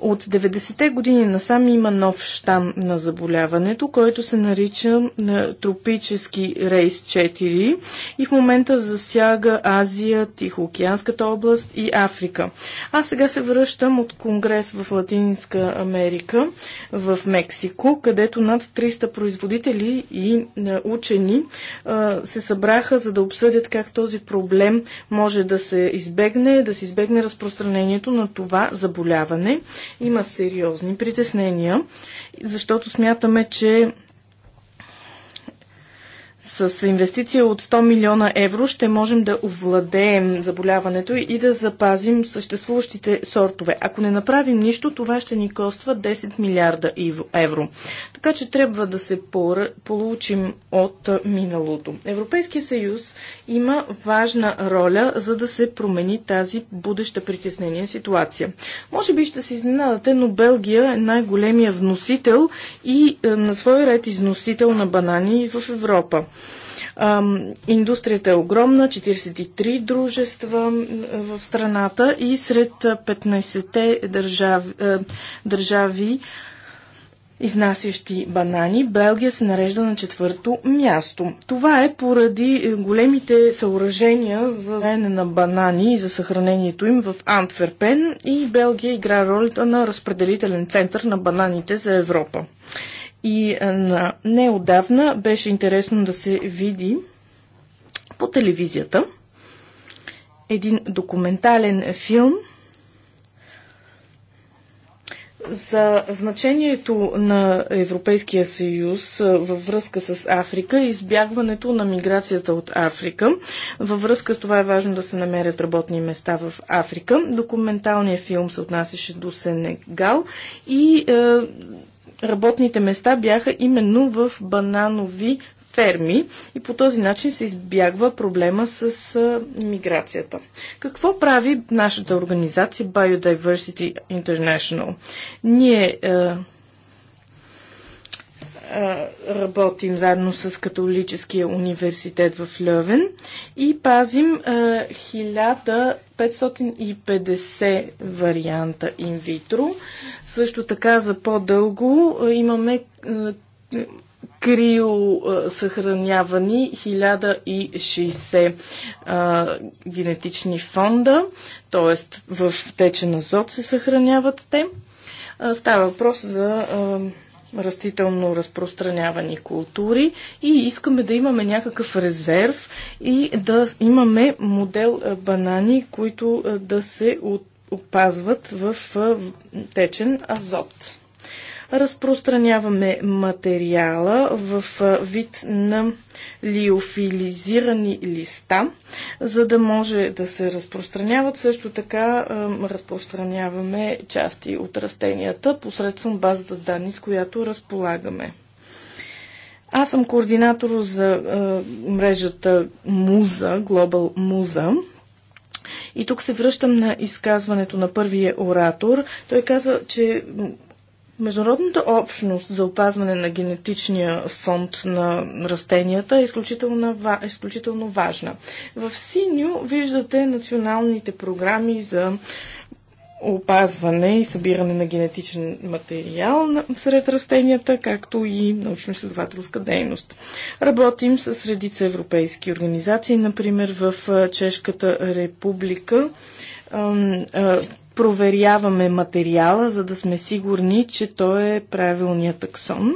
от 90-те години насам има нов штам на заболяването, който се нарича е, тропически рейс 4 и в момента засяга Азия, Тихоокеанската област и Африка. Аз сега се връщам от конгрес в Латинска Америка, в Мексико, където над 300 производители и е, учени е, се събраха, за да обсъдят как този проблем може да се избегне, да се избегне разпространението на това заболяване има сериозни притеснения, защото смятаме, че с инвестиция от 100 милиона евро ще можем да овладеем заболяването и да запазим съществуващите сортове. Ако не направим нищо, това ще ни коства 10 милиарда евро. Така че трябва да се получим от миналото. Европейския съюз има важна роля, за да се промени тази будеща притеснение ситуация. Може би ще се изненадате, но Белгия е най-големия вносител и на свой ред износител на банани в Европа. Ам, индустрията е огромна, 43 дружества в страната и сред 15-те държави, държави изнасящи банани, Белгия се нарежда на четвърто място. Това е поради е, големите съоръжения за зрене на банани и за съхранението им в Антверпен и Белгия игра ролята на разпределителен център на бананите за Европа. И е, на неодавна беше интересно да се види по телевизията един документален филм – за значението на Европейския съюз във връзка с Африка и избягването на миграцията от Африка. Във връзка с това е важно да се намерят работни места в Африка. Документалният филм се отнасяше до Сенегал и е, работните места бяха именно в бананови ферми и по този начин се избягва проблема с миграцията. Какво прави нашата организация Biodiversity International? Ние работим заедно с католическия университет в Льовен и пазим 1550 варианта инвитро. Също така за по-дълго имаме криосъхранявани 1060 а, генетични фонда, т.е. в течен азот се съхраняват те. А, става въпрос за а, растително разпространявани култури и искаме да имаме някакъв резерв и да имаме модел банани, които да се опазват в течен азот. Разпространяваме материала в вид на лиофилизирани листа, за да може да се разпространяват. Също така разпространяваме части от растенията посредством базата данни, с която разполагаме. Аз съм координатор за мрежата Муза, Global Муза. И тук се връщам на изказването на първия оратор. Той каза, че Международната общност за опазване на генетичния фонд на растенията е изключително, изключително важна. В синьо виждате националните програми за опазване и събиране на генетичен материал сред растенията, както и научно-изследователска дейност. Работим с редица европейски организации, например в Чешката република проверяваме материала, за да сме сигурни, че той е правилният таксон.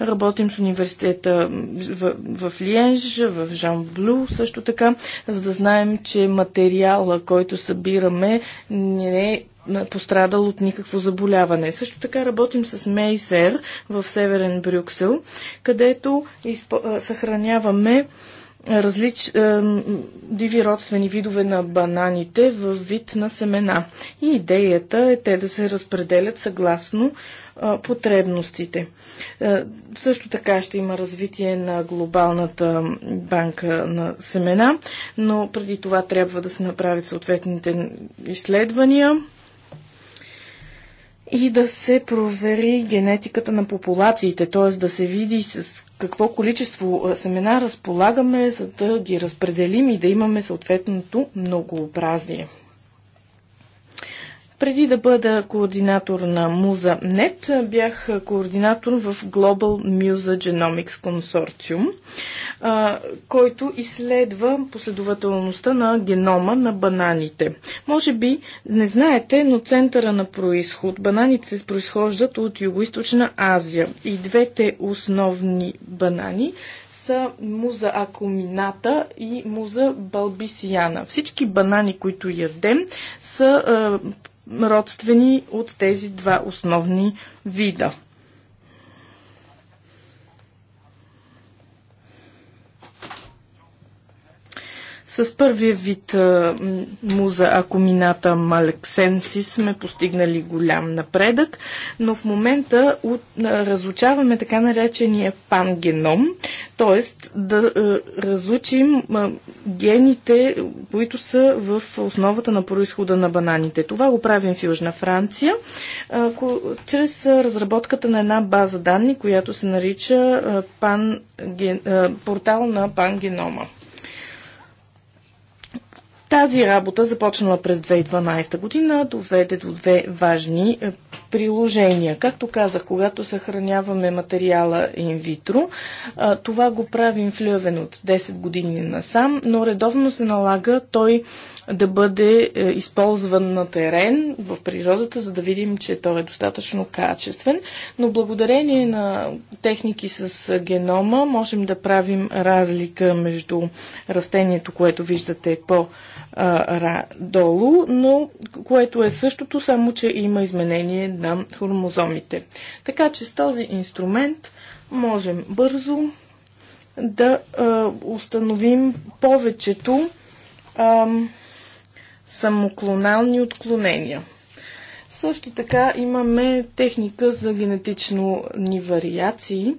Работим с университета в, в Лиенж, в Жан Блю също така, за да знаем, че материала, който събираме, не е пострадал от никакво заболяване. Също така работим с Мейсер в Северен Брюксел, където изпо... съхраняваме различ, е, диви родствени видове на бананите в вид на семена. И идеята е те да се разпределят съгласно е, потребностите. Е, също така ще има развитие на глобалната банка на семена, но преди това трябва да се направят съответните изследвания и да се провери генетиката на популациите, т.е. да се види с какво количество семена разполагаме, за да ги разпределим и да имаме съответното многообразие. Преди да бъда координатор на Нет, бях координатор в Global Musa Genomics Consortium, който изследва последователността на генома на бананите. Може би не знаете, но центъра на происход. Бананите се произхождат от Юго-Источна Азия и двете основни банани са муза акумината и муза балбисияна. Всички банани, които ядем, са родствени от тези два основни вида. С първия вид муза Акумината Малексенси сме постигнали голям напредък, но в момента разучаваме така наречения пангеном, т.е. да разучим гените, които са в основата на происхода на бананите. Това го правим в Южна Франция, чрез разработката на една база данни, която се нарича пан, ген, портал на пангенома. Тази работа, започнала през 2012 година, доведе до две важни е, приложения. Както казах, когато съхраняваме материала инвитро, това го правим в Лювен от 10 години насам, но редовно се налага той да бъде е, използван на терен в природата, за да видим, че той е достатъчно качествен. Но благодарение на техники с е, генома можем да правим разлика между растението, което виждате по е, долу, но което е същото, само че има изменение на хромозомите. Така че с този инструмент можем бързо да а, установим повечето самоклонални отклонения. Също така имаме техника за генетично ни вариации.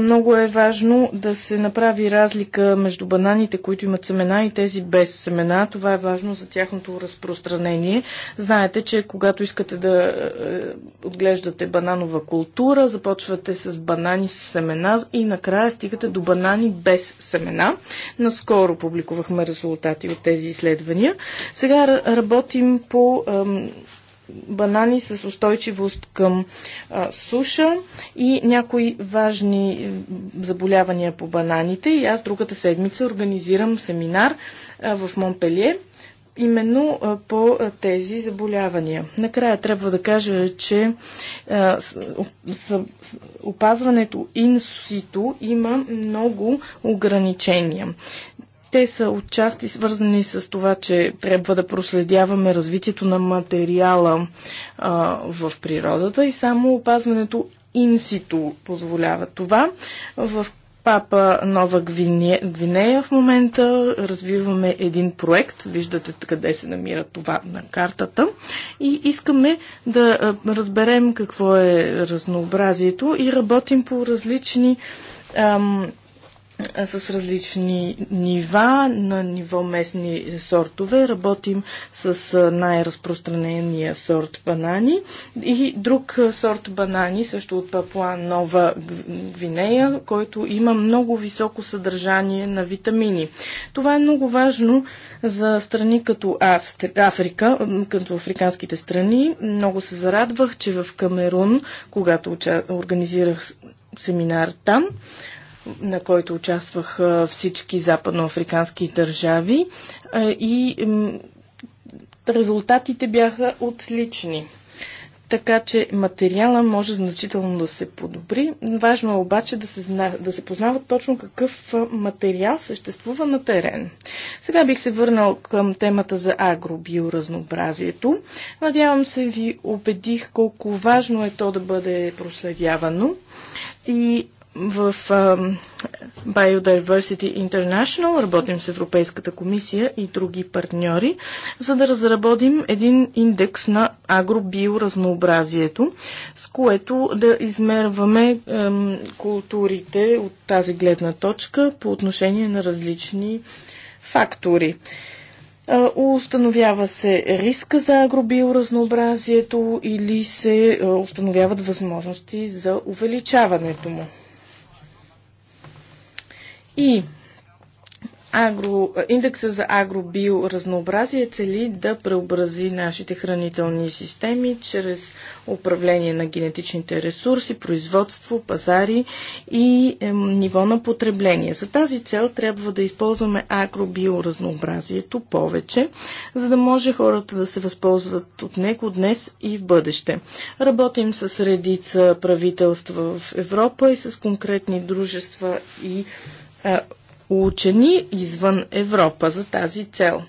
Много е важно да се направи разлика между бананите, които имат семена и тези без семена. Това е важно за тяхното разпространение. Знаете, че когато искате да отглеждате бананова култура, започвате с банани с семена и накрая стигате до банани без семена. Наскоро публикувахме резултати от тези изследвания. Сега работим по банани с устойчивост към а, суша и някои важни заболявания по бананите. И аз другата седмица организирам семинар а, в Монпелие именно по тези заболявания. Накрая трябва да кажа, че а, с, опазването инсито има много ограничения. Те са отчасти свързани с това, че трябва да проследяваме развитието на материала а, в природата и само опазването инсито позволява това. В Папа Нова Гвинея, в момента развиваме един проект. Виждате къде се намира това на картата. И искаме да разберем какво е разнообразието и работим по различни ам, с различни нива, на ниво местни сортове. Работим с най-разпространения сорт банани и друг сорт банани, също от Папуа Нова Гвинея, който има много високо съдържание на витамини. Това е много важно за страни като Африка, като африканските страни. Много се зарадвах, че в Камерун, когато организирах семинар там, на който участваха всички западноафрикански държави и резултатите бяха отлични. Така че материала може значително да се подобри. Важно е обаче да се, зна, да се познава точно какъв материал съществува на терен. Сега бих се върнал към темата за агробиоразнообразието. Надявам се ви убедих колко важно е то да бъде проследявано и в Biodiversity International, работим с Европейската комисия и други партньори, за да разработим един индекс на агробиоразнообразието, с което да измерваме културите от тази гледна точка по отношение на различни фактори. Установява се риска за агробиоразнообразието или се установяват възможности за увеличаването му. И агро, индекса за агробиоразнообразие цели да преобрази нашите хранителни системи чрез управление на генетичните ресурси, производство, пазари и е, ниво на потребление. За тази цел трябва да използваме агробиоразнообразието повече, за да може хората да се възползват от него днес и в бъдеще. Работим с редица правителства в Европа и с конкретни дружества и е, учени извън Европа за тази цел.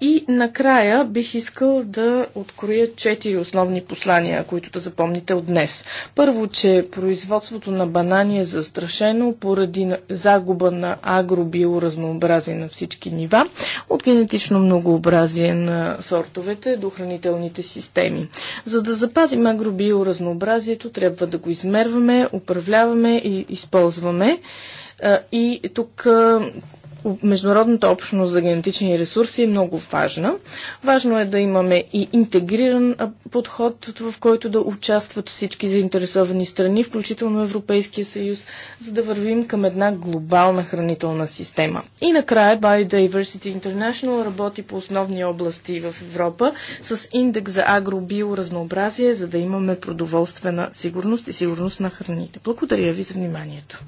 И накрая бих искал да откроя четири основни послания, които да запомните от днес. Първо, че производството на банани е застрашено поради загуба на агробиоразнообразие на всички нива, от генетично многообразие на сортовете до хранителните системи. За да запазим агробиоразнообразието, трябва да го измерваме, управляваме и използваме и тук международната общност за генетични ресурси е много важна. Важно е да имаме и интегриран подход, в който да участват всички заинтересовани страни, включително Европейския съюз, за да вървим към една глобална хранителна система. И накрая Biodiversity International работи по основни области в Европа с индекс за агробиоразнообразие, за да имаме продоволствена сигурност и сигурност на храните. Благодаря ви за вниманието.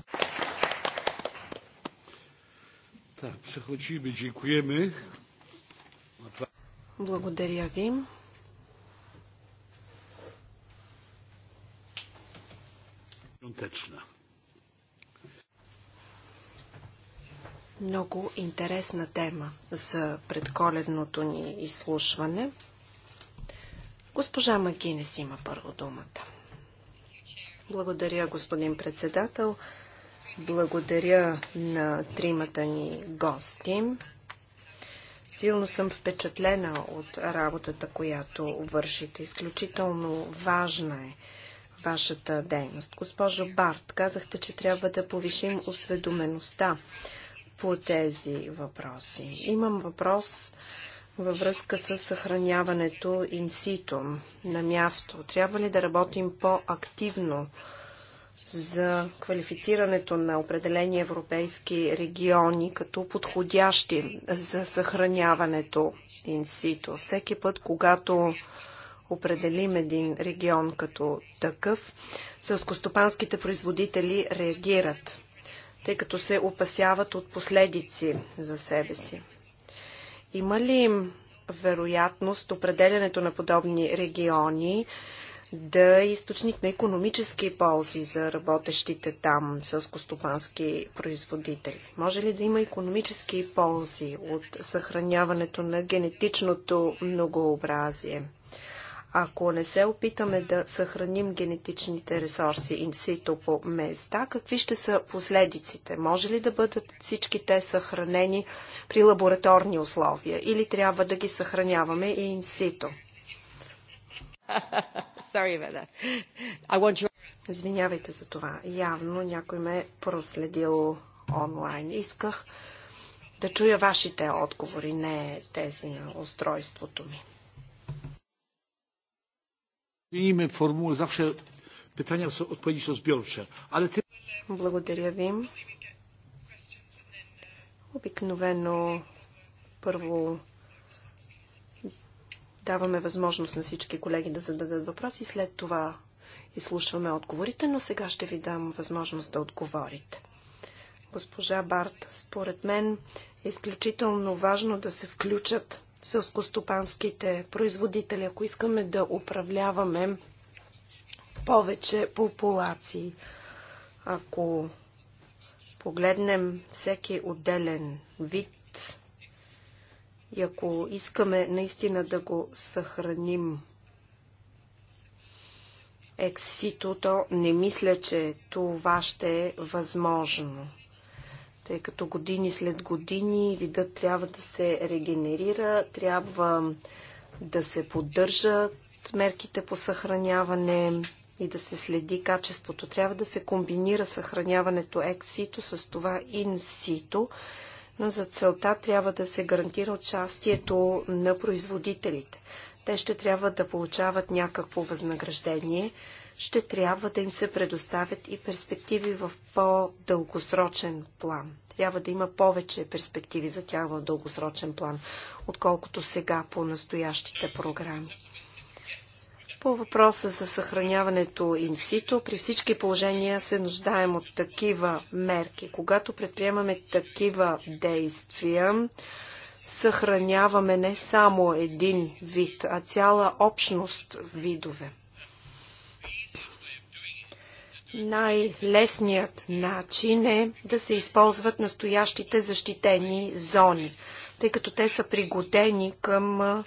Благодаря ви. Много интересна тема за предколедното ни изслушване. Госпожа Макинес има първо думата. Благодаря, господин председател. Благодаря на тримата ни гости. Силно съм впечатлена от работата, която вършите. Изключително важна е вашата дейност. Госпожо Барт, казахте, че трябва да повишим осведомеността по тези въпроси. Имам въпрос във връзка с съхраняването инситум на място. Трябва ли да работим по-активно за квалифицирането на определени европейски региони като подходящи за съхраняването инсито. Всеки път, когато определим един регион като такъв, сълскостопанските производители реагират, тъй като се опасяват от последици за себе си. Има ли вероятност определянето на подобни региони да е източник на економически ползи за работещите там селскостопански производители? Може ли да има економически ползи от съхраняването на генетичното многообразие? Ако не се опитаме да съхраним генетичните ресурси инсито по места, какви ще са последиците? Може ли да бъдат всички те съхранени при лабораторни условия или трябва да ги съхраняваме и инсито? Sorry about that. I want Извинявайте за това. Явно някой ме е проследил онлайн. Исках да чуя вашите отговори, не тези на устройството ми. Благодаря ви. Обикновено първо Даваме възможност на всички колеги да зададат въпроси. След това изслушваме отговорите, но сега ще ви дам възможност да отговорите. Госпожа Барт, според мен е изключително важно да се включат селскостопанските производители, ако искаме да управляваме повече популации. Ако погледнем всеки отделен вид, и ако искаме наистина да го съхраним ексито, то не мисля, че това ще е възможно. Тъй като години след години видът трябва да се регенерира, трябва да се поддържат мерките по съхраняване и да се следи качеството. Трябва да се комбинира съхраняването ексито с това инсито, но за целта трябва да се гарантира участието на производителите. Те ще трябва да получават някакво възнаграждение, ще трябва да им се предоставят и перспективи в по-дългосрочен план. Трябва да има повече перспективи за тях в дългосрочен план, отколкото сега по настоящите програми. По въпроса за съхраняването инсито, при всички положения се нуждаем от такива мерки. Когато предприемаме такива действия, съхраняваме не само един вид, а цяла общност видове. Най-лесният начин е да се използват настоящите защитени зони, тъй като те са пригодени към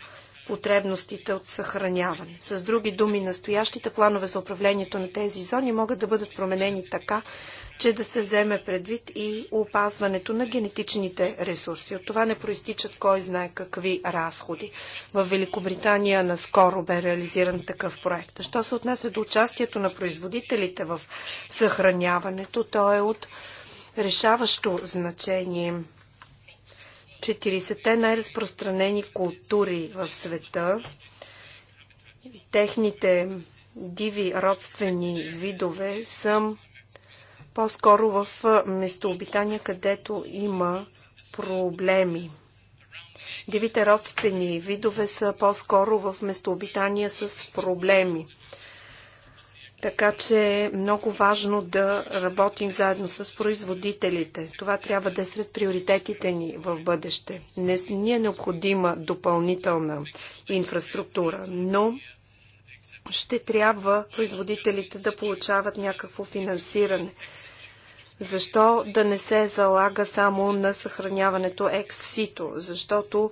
потребностите от съхраняване. С други думи, настоящите планове за управлението на тези зони могат да бъдат променени така, че да се вземе предвид и опазването на генетичните ресурси. От това не проистичат кой знае какви разходи. В Великобритания наскоро бе реализиран такъв проект. Що се отнася до участието на производителите в съхраняването, то е от решаващо значение – 40-те най-разпространени култури в света, техните диви родствени видове са по-скоро в местообитания, където има проблеми. Дивите родствени видове са по-скоро в местообитания с проблеми. Така че е много важно да работим заедно с производителите. Това трябва да е сред приоритетите ни в бъдеще. Не ни е необходима допълнителна инфраструктура, но ще трябва производителите да получават някакво финансиране. Защо да не се залага само на съхраняването ексито? Защото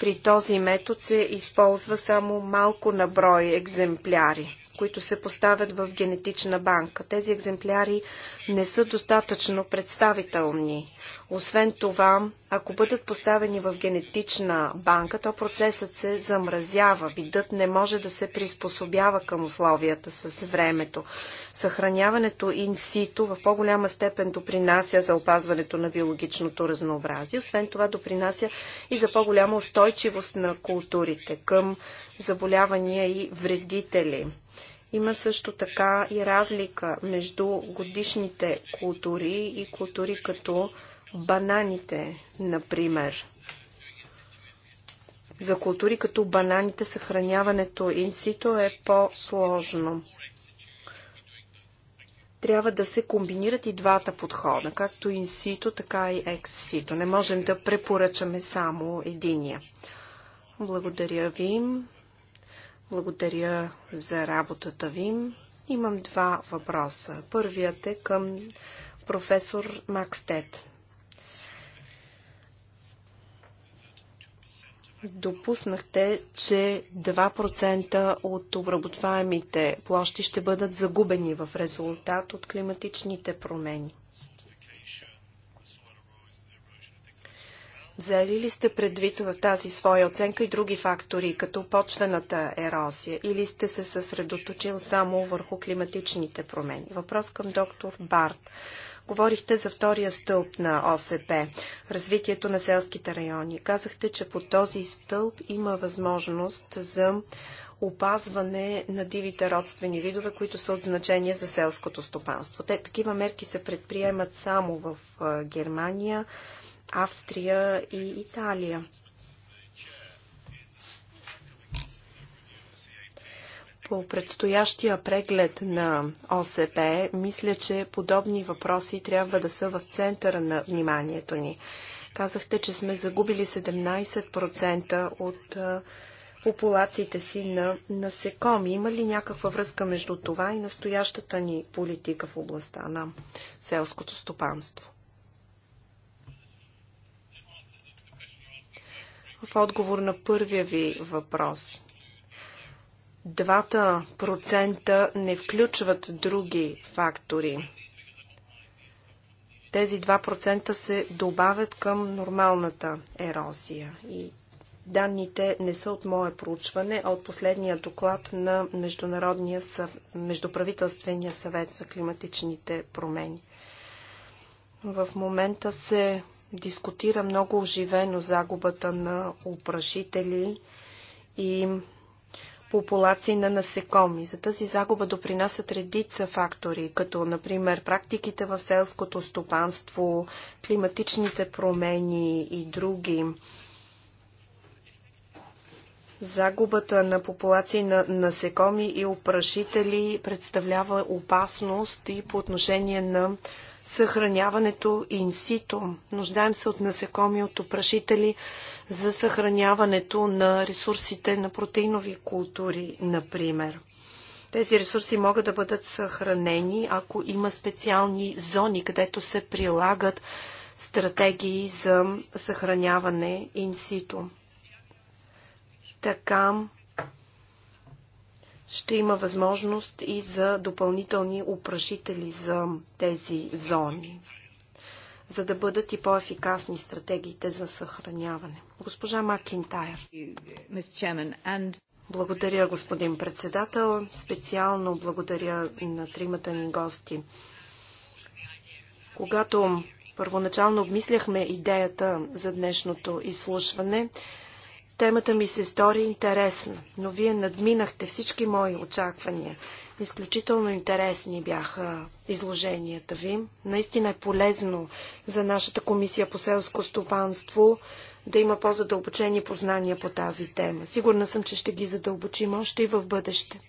при този метод се използва само малко наброй екземпляри които се поставят в генетична банка. Тези екземпляри не са достатъчно представителни. Освен това, ако бъдат поставени в генетична банка, то процесът се замразява. Видът не може да се приспособява към условията с времето. Съхраняването инсито в по-голяма степен допринася за опазването на биологичното разнообразие. Освен това, допринася и за по-голяма устойчивост на културите към заболявания и вредители. Има също така и разлика между годишните култури и култури като бананите, например. За култури като бананите съхраняването инсито е по-сложно. Трябва да се комбинират и двата подхода, както инсито, така и ексито. Не можем да препоръчаме само единия. Благодаря ви. Благодаря за работата ви. Имам два въпроса. Първият е към професор Макстед. Допуснахте, че 2% от обработваемите площи ще бъдат загубени в резултат от климатичните промени. Взели ли сте предвид в тази своя оценка и други фактори, като почвената ерозия, или сте се съсредоточил само върху климатичните промени? Въпрос към доктор Барт. Говорихте за втория стълб на ОСП, развитието на селските райони. Казахте, че по този стълб има възможност за опазване на дивите родствени видове, които са от значение за селското стопанство. Те, такива мерки се предприемат само в Германия, Австрия и Италия. По предстоящия преглед на ОСП, мисля, че подобни въпроси трябва да са в центъра на вниманието ни. Казахте, че сме загубили 17% от популациите си на насекоми. Има ли някаква връзка между това и настоящата ни политика в областта на селското стопанство? в отговор на първия ви въпрос. Двата процента не включват други фактори. Тези 2% се добавят към нормалната ерозия и Данните не са от мое проучване, а от последния доклад на Международния съ... Междуправителствения съвет за климатичните промени. В момента се дискутира много оживено загубата на опрашители и популации на насекоми. За тази загуба допринасят редица фактори, като например практиките в селското стопанство, климатичните промени и други. Загубата на популации на насекоми и опрашители представлява опасност и по отношение на съхраняването инсито. Нуждаем се от насекоми, от опрашители за съхраняването на ресурсите на протеинови култури, например. Тези ресурси могат да бъдат съхранени, ако има специални зони, където се прилагат стратегии за съхраняване инсито. Така ще има възможност и за допълнителни упрашители за тези зони, за да бъдат и по-ефикасни стратегиите за съхраняване. Госпожа Макинтайр. Благодаря, господин председател. Специално благодаря на тримата ни гости. Когато първоначално обмисляхме идеята за днешното изслушване, Темата ми се стори интересна, но вие надминахте всички мои очаквания. Изключително интересни бяха изложенията ви. Наистина е полезно за нашата комисия по селско стопанство да има по-задълбочени познания по тази тема. Сигурна съм, че ще ги задълбочим още и в бъдеще.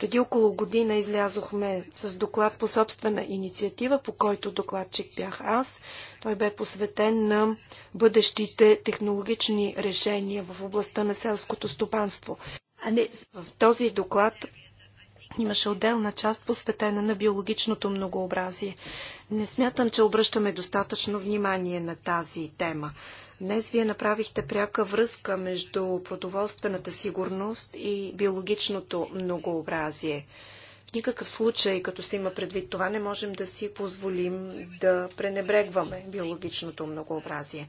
Преди около година излязохме с доклад по собствена инициатива, по който докладчик бях аз. Той бе посветен на бъдещите технологични решения в областта на селското стопанство. В този доклад имаше отделна част посветена на биологичното многообразие. Не смятам, че обръщаме достатъчно внимание на тази тема. Днес вие направихте пряка връзка между продоволствената сигурност и биологичното многообразие. В никакъв случай, като се има предвид това, не можем да си позволим да пренебрегваме биологичното многообразие.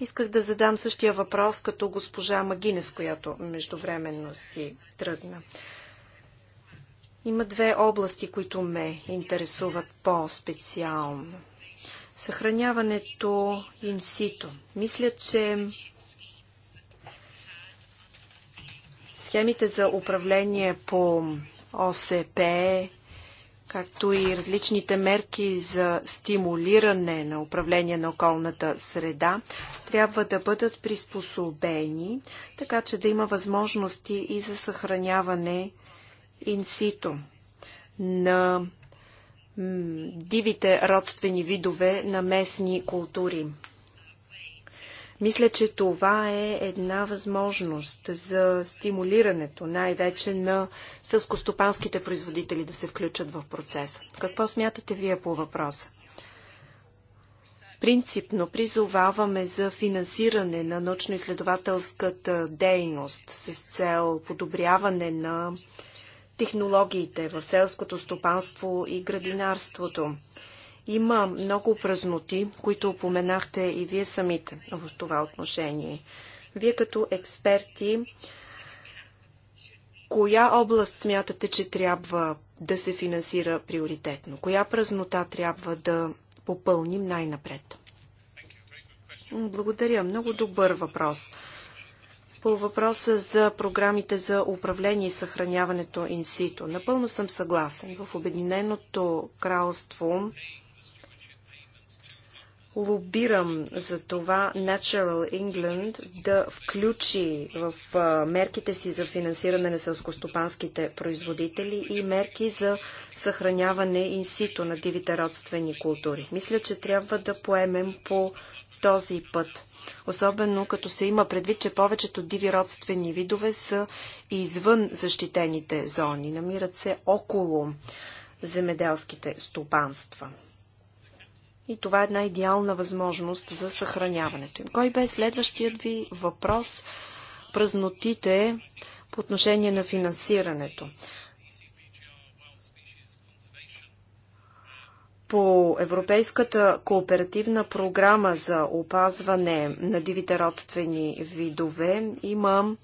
Исках да задам същия въпрос като госпожа Магинес, която междувременно си тръгна. Има две области, които ме интересуват по-специално. Съхраняването инсито. Мисля, че схемите за управление по ОСП, както и различните мерки за стимулиране на управление на околната среда, трябва да бъдат приспособени, така че да има възможности и за съхраняване инсито на дивите родствени видове на местни култури. Мисля, че това е една възможност за стимулирането най-вече на съскостопанските производители да се включат в процеса. Какво смятате вие по въпроса? Принципно призоваваме за финансиране на научно-изследователската дейност с цел подобряване на технологиите в селското стопанство и градинарството. Има много празноти, които упоменахте и вие самите в това отношение. Вие като експерти, коя област смятате, че трябва да се финансира приоритетно? Коя празнота трябва да попълним най-напред? Благодаря. Много добър въпрос. По въпроса за програмите за управление и съхраняването инсито. Напълно съм съгласен. В Обединеното кралство лобирам за това Natural England да включи в мерките си за финансиране на селскостопанските производители и мерки за съхраняване инсито на дивите родствени култури. Мисля, че трябва да поемем по този път. Особено като се има предвид, че повечето диви родствени видове са извън защитените зони, намират се около земеделските стопанства. И това е една идеална възможност за съхраняването им. Кой бе следващият ви въпрос? Празнотите по отношение на финансирането. по Европейската кооперативна програма за опазване на дивите родствени видове имам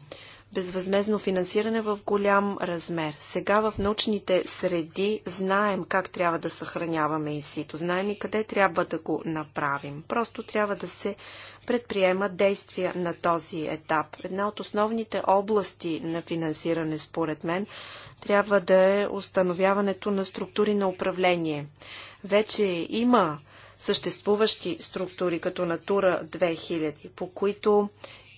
безвъзмезно финансиране в голям размер. Сега в научните среди знаем как трябва да съхраняваме инсито, знаем и къде трябва да го направим. Просто трябва да се предприемат действия на този етап. Една от основните области на финансиране, според мен, трябва да е установяването на структури на управление. Вече има съществуващи структури като Натура 2000, по които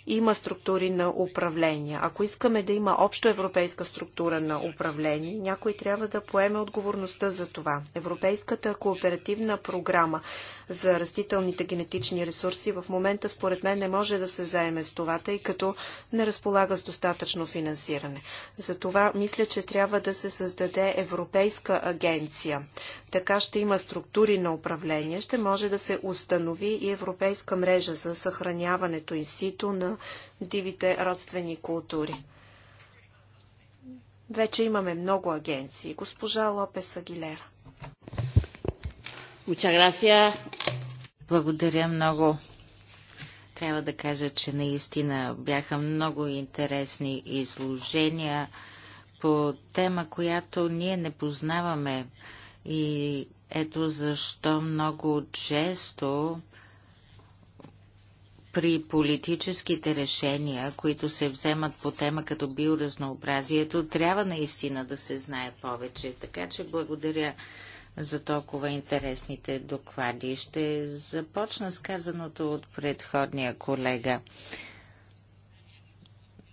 има структури на управление. Ако искаме да има общо европейска структура на управление, някой трябва да поеме отговорността за това. Европейската кооперативна програма за растителните генетични ресурси в момента според мен не може да се заеме с това, тъй като не разполага с достатъчно финансиране. Затова мисля, че трябва да се създаде Европейска агенция. Така ще има структури на управление, ще може да се установи и Европейска мрежа за съхраняването инсито на дивите родствени култури. Вече имаме много агенции. Госпожа Лопес Агилера. Благодаря много. Трябва да кажа, че наистина бяха много интересни изложения по тема, която ние не познаваме. И ето защо много често при политическите решения, които се вземат по тема като биоразнообразието, трябва наистина да се знае повече. Така че благодаря за толкова интересните доклади. Ще започна с казаното от предходния колега.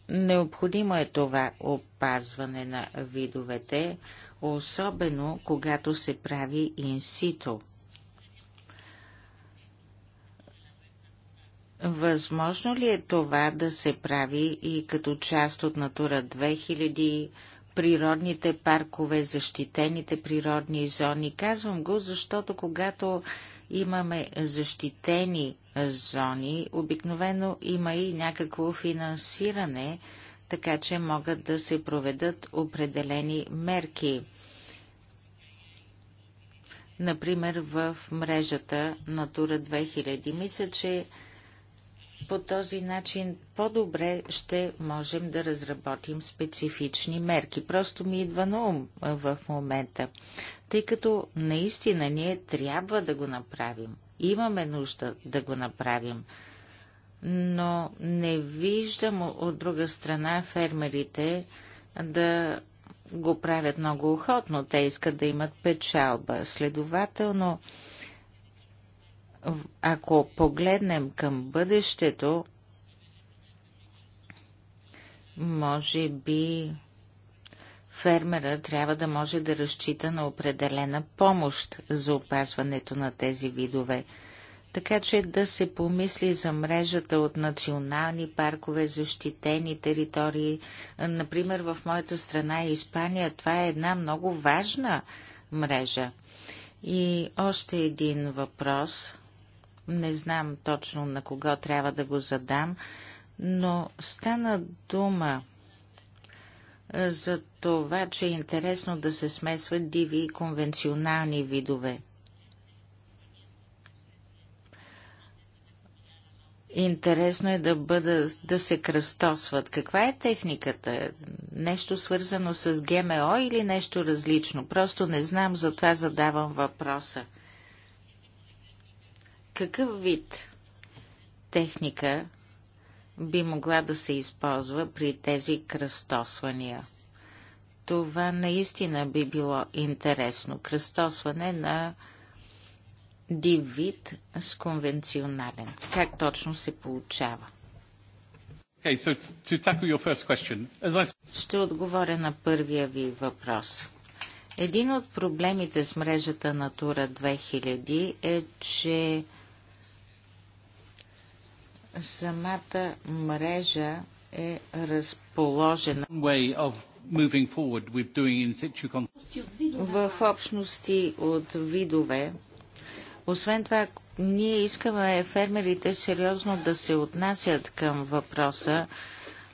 Необходимо е това опазване на видовете, особено когато се прави инсито. Възможно ли е това да се прави и като част от Натура 2000, природните паркове, защитените природни зони? Казвам го, защото когато имаме защитени зони, обикновено има и някакво финансиране, така че могат да се проведат определени мерки. Например, в мрежата Натура 2000. Мисля, че по този начин по-добре ще можем да разработим специфични мерки. Просто ми идва на ум в момента, тъй като наистина ние трябва да го направим. Имаме нужда да го направим. Но не виждам от друга страна фермерите да го правят много охотно. Те искат да имат печалба. Следователно, ако погледнем към бъдещето, може би фермера трябва да може да разчита на определена помощ за опазването на тези видове. Така че да се помисли за мрежата от национални паркове, защитени територии. Например, в моята страна Испания това е една много важна мрежа. И още един въпрос – не знам точно на кого трябва да го задам, но стана дума е, за това, че е интересно да се смесват диви и конвенционални видове. Интересно е да, бъда, да се кръстосват. Каква е техниката? Нещо свързано с ГМО или нещо различно? Просто не знам, затова задавам въпроса. Какъв вид техника би могла да се използва при тези кръстосвания? Това наистина би било интересно. Кръстосване на див вид с конвенционален. Как точно се получава? Okay, so I... Ще отговоря на първия ви въпрос. Един от проблемите с мрежата Натура 2000 е, че Самата мрежа е разположена в общности от видове. Освен това, ние искаме фермерите сериозно да се отнасят към въпроса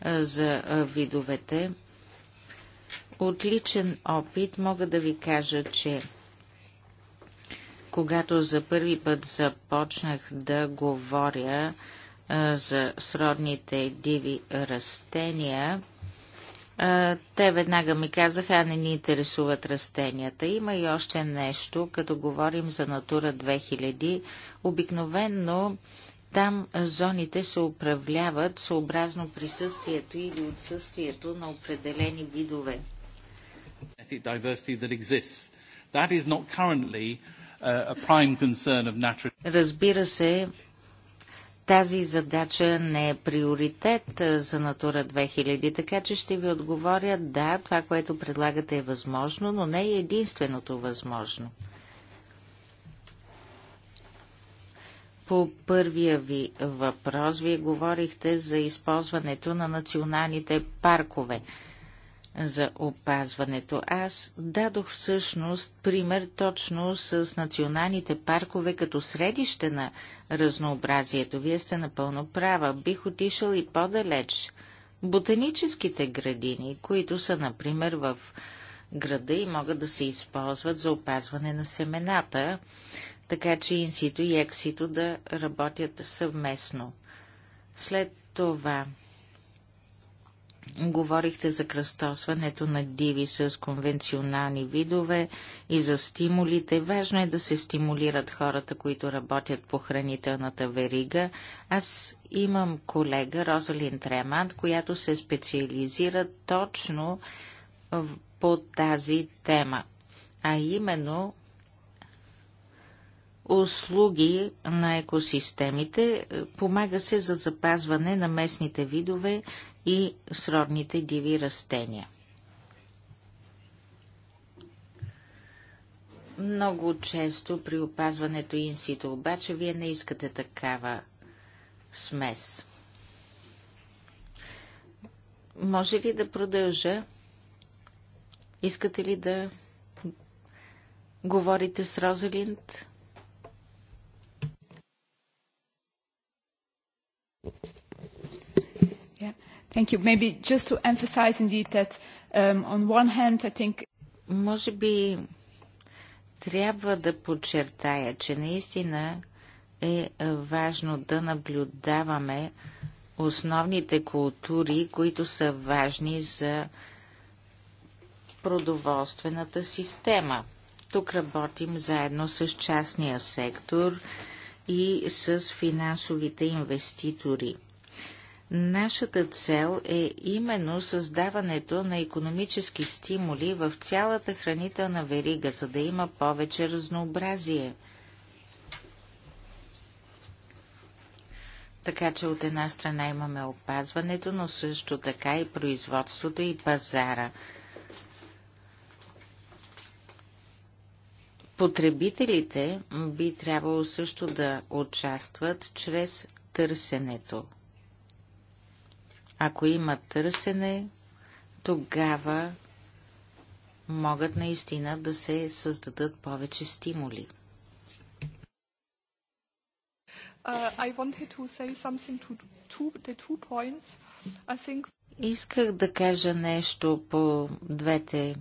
за видовете. Отличен опит мога да ви кажа, че когато за първи път започнах да говоря за сродните диви растения, те веднага ми казаха, а не ни интересуват растенията. Има и още нещо, като говорим за Натура 2000. Обикновенно там зоните се управляват съобразно присъствието или отсъствието на определени видове. Uh, Разбира се, тази задача не е приоритет за Натура 2000, така че ще ви отговоря да, това, което предлагате е възможно, но не е единственото възможно. По първия ви въпрос, вие говорихте за използването на националните паркове за опазването. Аз дадох всъщност пример точно с националните паркове като средище на разнообразието. Вие сте напълно права. Бих отишъл и по-далеч. Ботаническите градини, които са, например, в града и могат да се използват за опазване на семената, така че инсито и ексито да работят съвместно. След това Говорихте за кръстосването на диви с конвенционални видове и за стимулите. Важно е да се стимулират хората, които работят по хранителната верига. Аз имам колега, Розалин Тремант, която се специализира точно по тази тема, а именно услуги на екосистемите, помага се за запазване на местните видове и сродните диви растения. Много често при опазването инсито, обаче вие не искате такава смес. Може ли да продължа? Искате ли да говорите с Розалинд? Thank you. Maybe just to emphasize indeed that um, on one hand, I think... Може би трябва да подчертая, че наистина е важно да наблюдаваме основните култури, които са важни за продоволствената система. Тук работим заедно с частния сектор и с финансовите инвеститори – Нашата цел е именно създаването на економически стимули в цялата хранителна верига, за да има повече разнообразие. Така че от една страна имаме опазването, но също така и производството и пазара. Потребителите би трябвало също да участват чрез търсенето ако има търсене, тогава могат наистина да се създадат повече стимули. Исках да кажа нещо по двете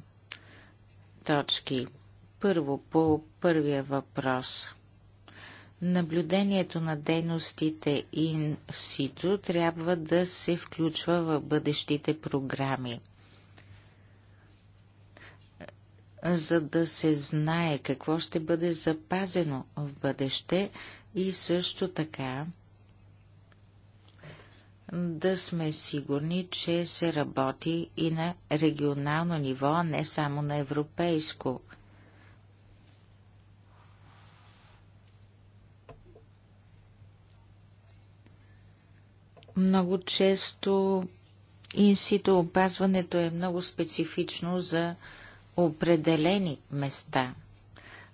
точки. Първо, по първия въпрос – Наблюдението на дейностите in situ трябва да се включва в бъдещите програми. За да се знае какво ще бъде запазено в бъдеще и също така да сме сигурни, че се работи и на регионално ниво, а не само на европейско. Много често инсито опазването е много специфично за определени места.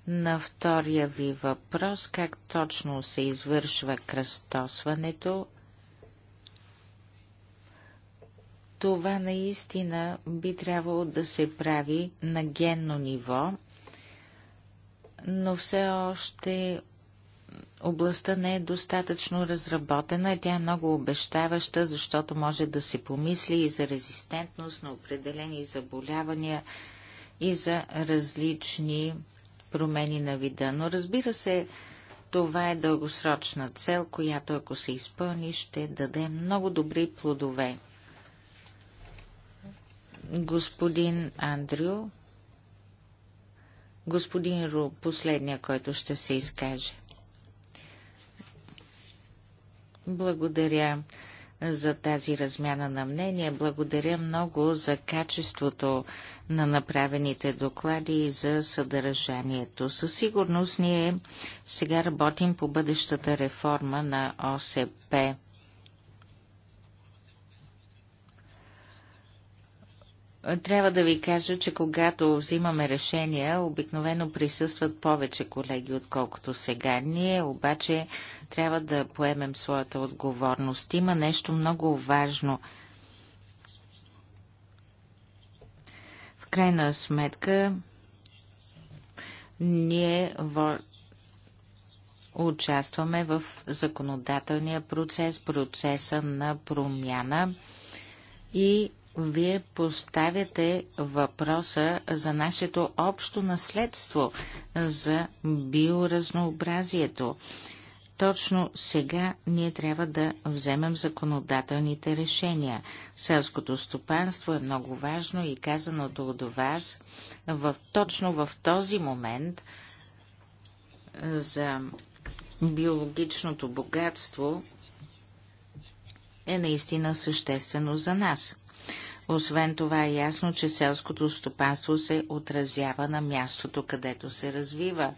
На втория ви въпрос, как точно се извършва кръстосването, това наистина би трябвало да се прави на генно ниво, но все още областта не е достатъчно разработена. Тя е много обещаваща, защото може да се помисли и за резистентност на определени заболявания и за различни промени на вида. Но разбира се, това е дългосрочна цел, която ако се изпълни, ще даде много добри плодове. Господин Андрю, господин Ру, последния, който ще се изкаже. Благодаря за тази размяна на мнение. Благодаря много за качеството на направените доклади и за съдържанието. Със сигурност ние сега работим по бъдещата реформа на ОСП. Трябва да ви кажа, че когато взимаме решения, обикновено присъстват повече колеги, отколкото сега. Ние обаче трябва да поемем своята отговорност. Има нещо много важно. В крайна сметка, ние участваме в законодателния процес, процеса на промяна и вие поставяте въпроса за нашето общо наследство, за биоразнообразието. Точно сега ние трябва да вземем законодателните решения. Селското стопанство е много важно и казаното от вас в, точно в този момент за биологичното богатство е наистина съществено за нас. Освен това е ясно, че селското стопанство се отразява на мястото, където се развива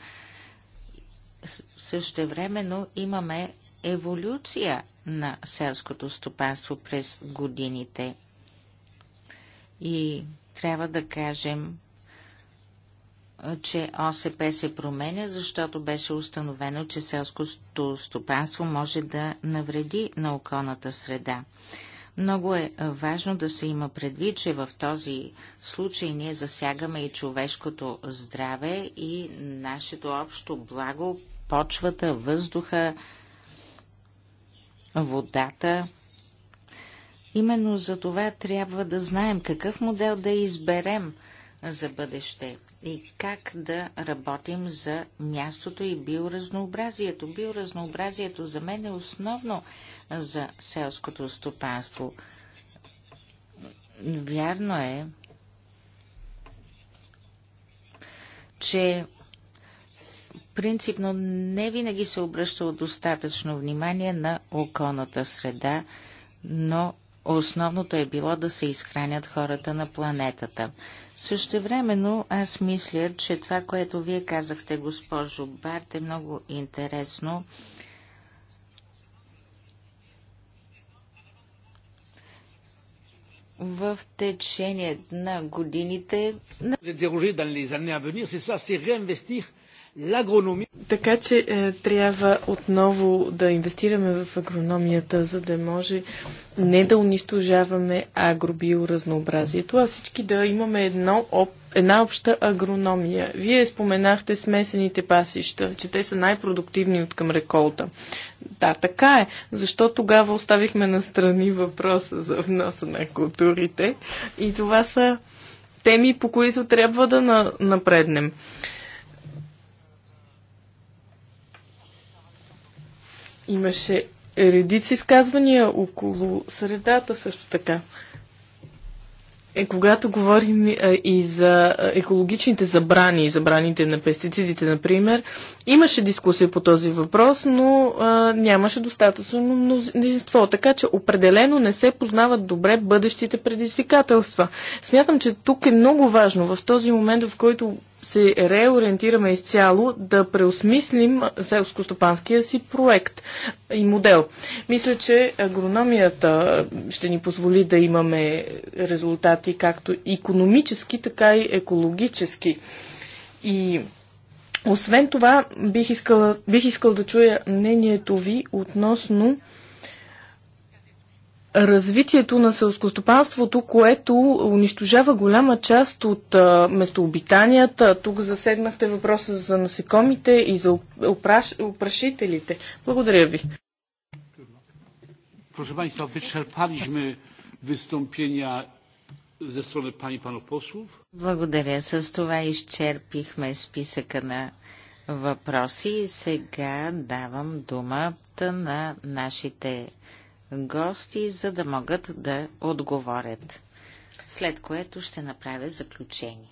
същевременно имаме еволюция на селското стопанство през годините. И трябва да кажем, че ОСП се променя, защото беше установено, че селското стопанство може да навреди на околната среда. Много е важно да се има предвид, че в този случай ние засягаме и човешкото здраве и нашето общо благо, почвата, въздуха, водата. Именно за това трябва да знаем какъв модел да изберем за бъдеще и как да работим за мястото и биоразнообразието. Биоразнообразието за мен е основно за селското стопанство. Вярно е, че принципно не винаги се обръща достатъчно внимание на околната среда, но Основното е било да се изхранят хората на планетата. Същевременно аз мисля, че това, което вие казахте, госпожо Барт, е много интересно. в течение на годините. Déroger dans les années à така че е, трябва отново да инвестираме в агрономията, за да може не да унищожаваме агробиоразнообразието, а всички да имаме едно об, една обща агрономия. Вие споменахте смесените пасища, че те са най-продуктивни от към реколта. Да, така е. Защо тогава оставихме настрани въпроса за вноса на културите? И това са теми, по които трябва да на, напреднем. Имаше редици изказвания около средата също така. Е, когато говорим а, е, и за е, екологичните забрани, забраните на пестицидите, например, имаше дискусия по този въпрос, но а, е, нямаше достатъчно мнозинство. Така че определено не се познават добре бъдещите предизвикателства. Смятам, че тук е много важно в този момент, в който се реориентираме изцяло да преосмислим селско-стопанския си проект и модел. Мисля, че агрономията ще ни позволи да имаме резултати както економически, така и екологически. И освен това, бих искала, бих искала да чуя мнението ви относно развитието на селскостопанството, което унищожава голяма част от местообитанията. Тук заседнахте въпроса за насекомите и за опраш... опрашителите. Благодаря ви. Proszę Państwa, wyczerpaliśmy wystąpienia ze strony Pani i Panów posłów. Благодаря. С това изчерпихме списъка на въпроси. Сега давам думата на нашите гости, за да могат да отговорят. След което ще направя заключение.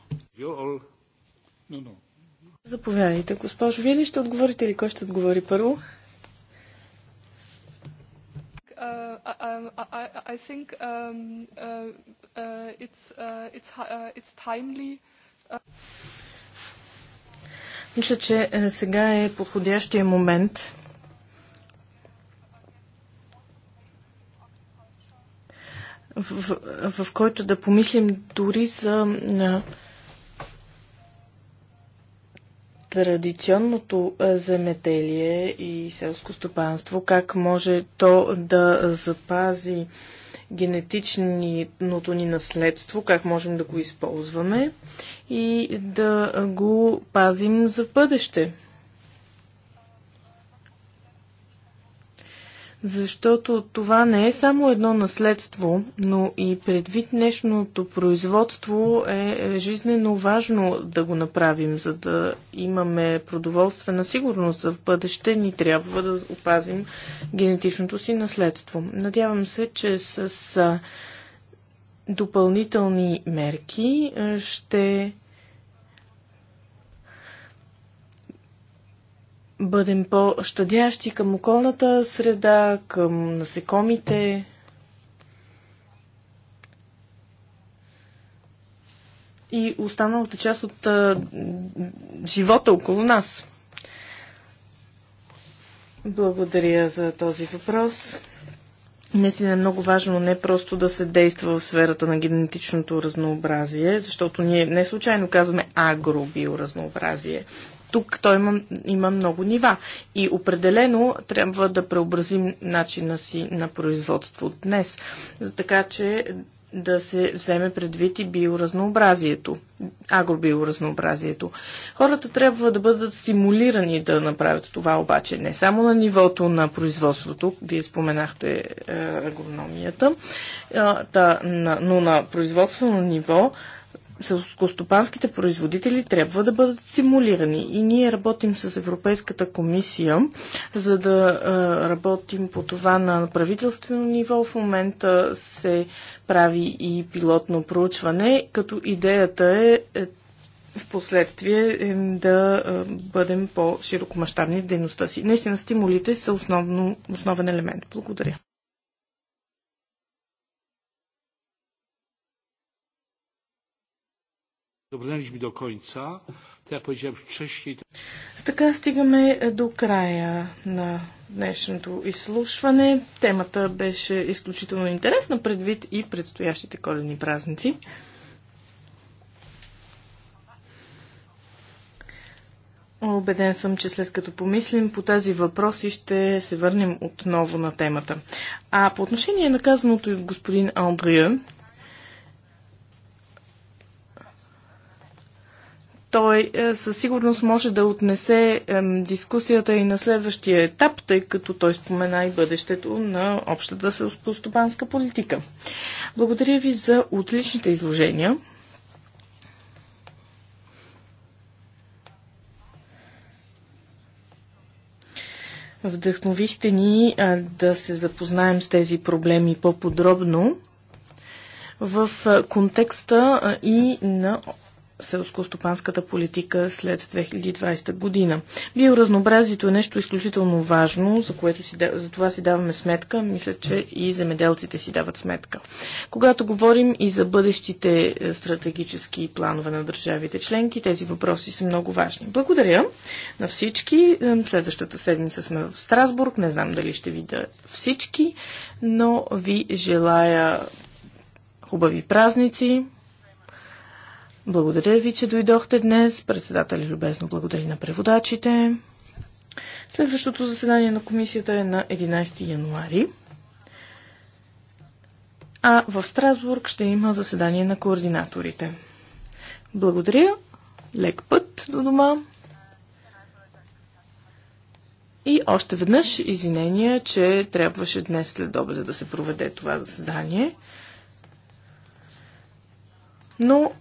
Заповядайте, госпожо. Вие ли ще отговорите или кой ще отговори първо? Мисля, че е, сега е подходящия момент в, в който да помислим дори за традиционното земеделие и селско стопанство, как може то да запази генетичното ни наследство, как можем да го използваме и да го пазим за бъдеще. защото това не е само едно наследство, но и предвид днешното производство е жизненно важно да го направим, за да имаме продоволствена сигурност за в бъдеще. Ни трябва да опазим генетичното си наследство. Надявам се, че с допълнителни мерки ще бъдем по-щадящи към околната среда, към насекомите. и останалата част от а, живота около нас. Благодаря за този въпрос. Наистина е много важно не просто да се действа в сферата на генетичното разнообразие, защото ние не случайно казваме агробиоразнообразие, тук той има, има много нива. И определено трябва да преобразим начина си на производство днес, за така че да се вземе предвид и биоразнообразието, агробиоразнообразието. Хората трябва да бъдат стимулирани да направят това обаче, не само на нивото на производството, вие споменахте е, агрономията, но на производствено ниво Селскостопанските производители трябва да бъдат стимулирани и ние работим с Европейската комисия, за да работим по това на правителствено ниво. В момента се прави и пилотно проучване, като идеята е, е в последствие е, да бъдем по-широкомащабни в дейността си. Наистина стимулите са основно, основен елемент. Благодаря. Добрнęliśmy до końca. To ja powiedziałem wcześniej. Така стигаме е, до края на днешното изслушване. Темата беше изключително интересна предвид и предстоящите коледни празници. Обеден съм, че след като помислим по тази въпрос и ще се върнем отново на темата. А по отношение на казаното и господин Андрия, той е, със сигурност може да отнесе дискусията и на следващия етап, тъй като той спомена и бъдещето на общата селскостопанска политика. Благодаря ви за отличните изложения. Вдъхновихте ни да се запознаем с тези проблеми по-подробно в контекста и на селско-стопанската политика след 2020 година. Биоразнообразието е нещо изключително важно, за, което си, за това си даваме сметка. Мисля, че и земеделците си дават сметка. Когато говорим и за бъдещите е, стратегически планове на държавите членки, тези въпроси са много важни. Благодаря на всички. Е, следващата седмица сме в Страсбург. Не знам дали ще видя всички, но ви желая хубави празници. Благодаря ви, че дойдохте днес. Председателя любезно благодари на преводачите. Следващото заседание на комисията е на 11 януари. А в Страсбург ще има заседание на координаторите. Благодаря. Лек път до дома. И още веднъж извинения, че трябваше днес след обеда да се проведе това заседание. Но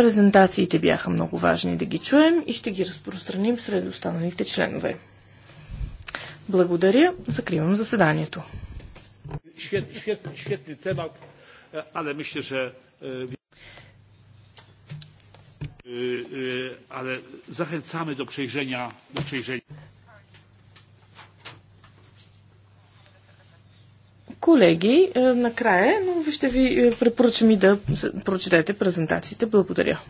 Презентациите бяха много важни да ги чуем и ще ги разпространим сред останалите членове. Благодаря. Закривам заседанието. ale zachęcamy do przejrzenia, do przejrzenia. Колеги, е, накрая, но ще ви е, препоръчам и да прочетете презентациите. Благодаря.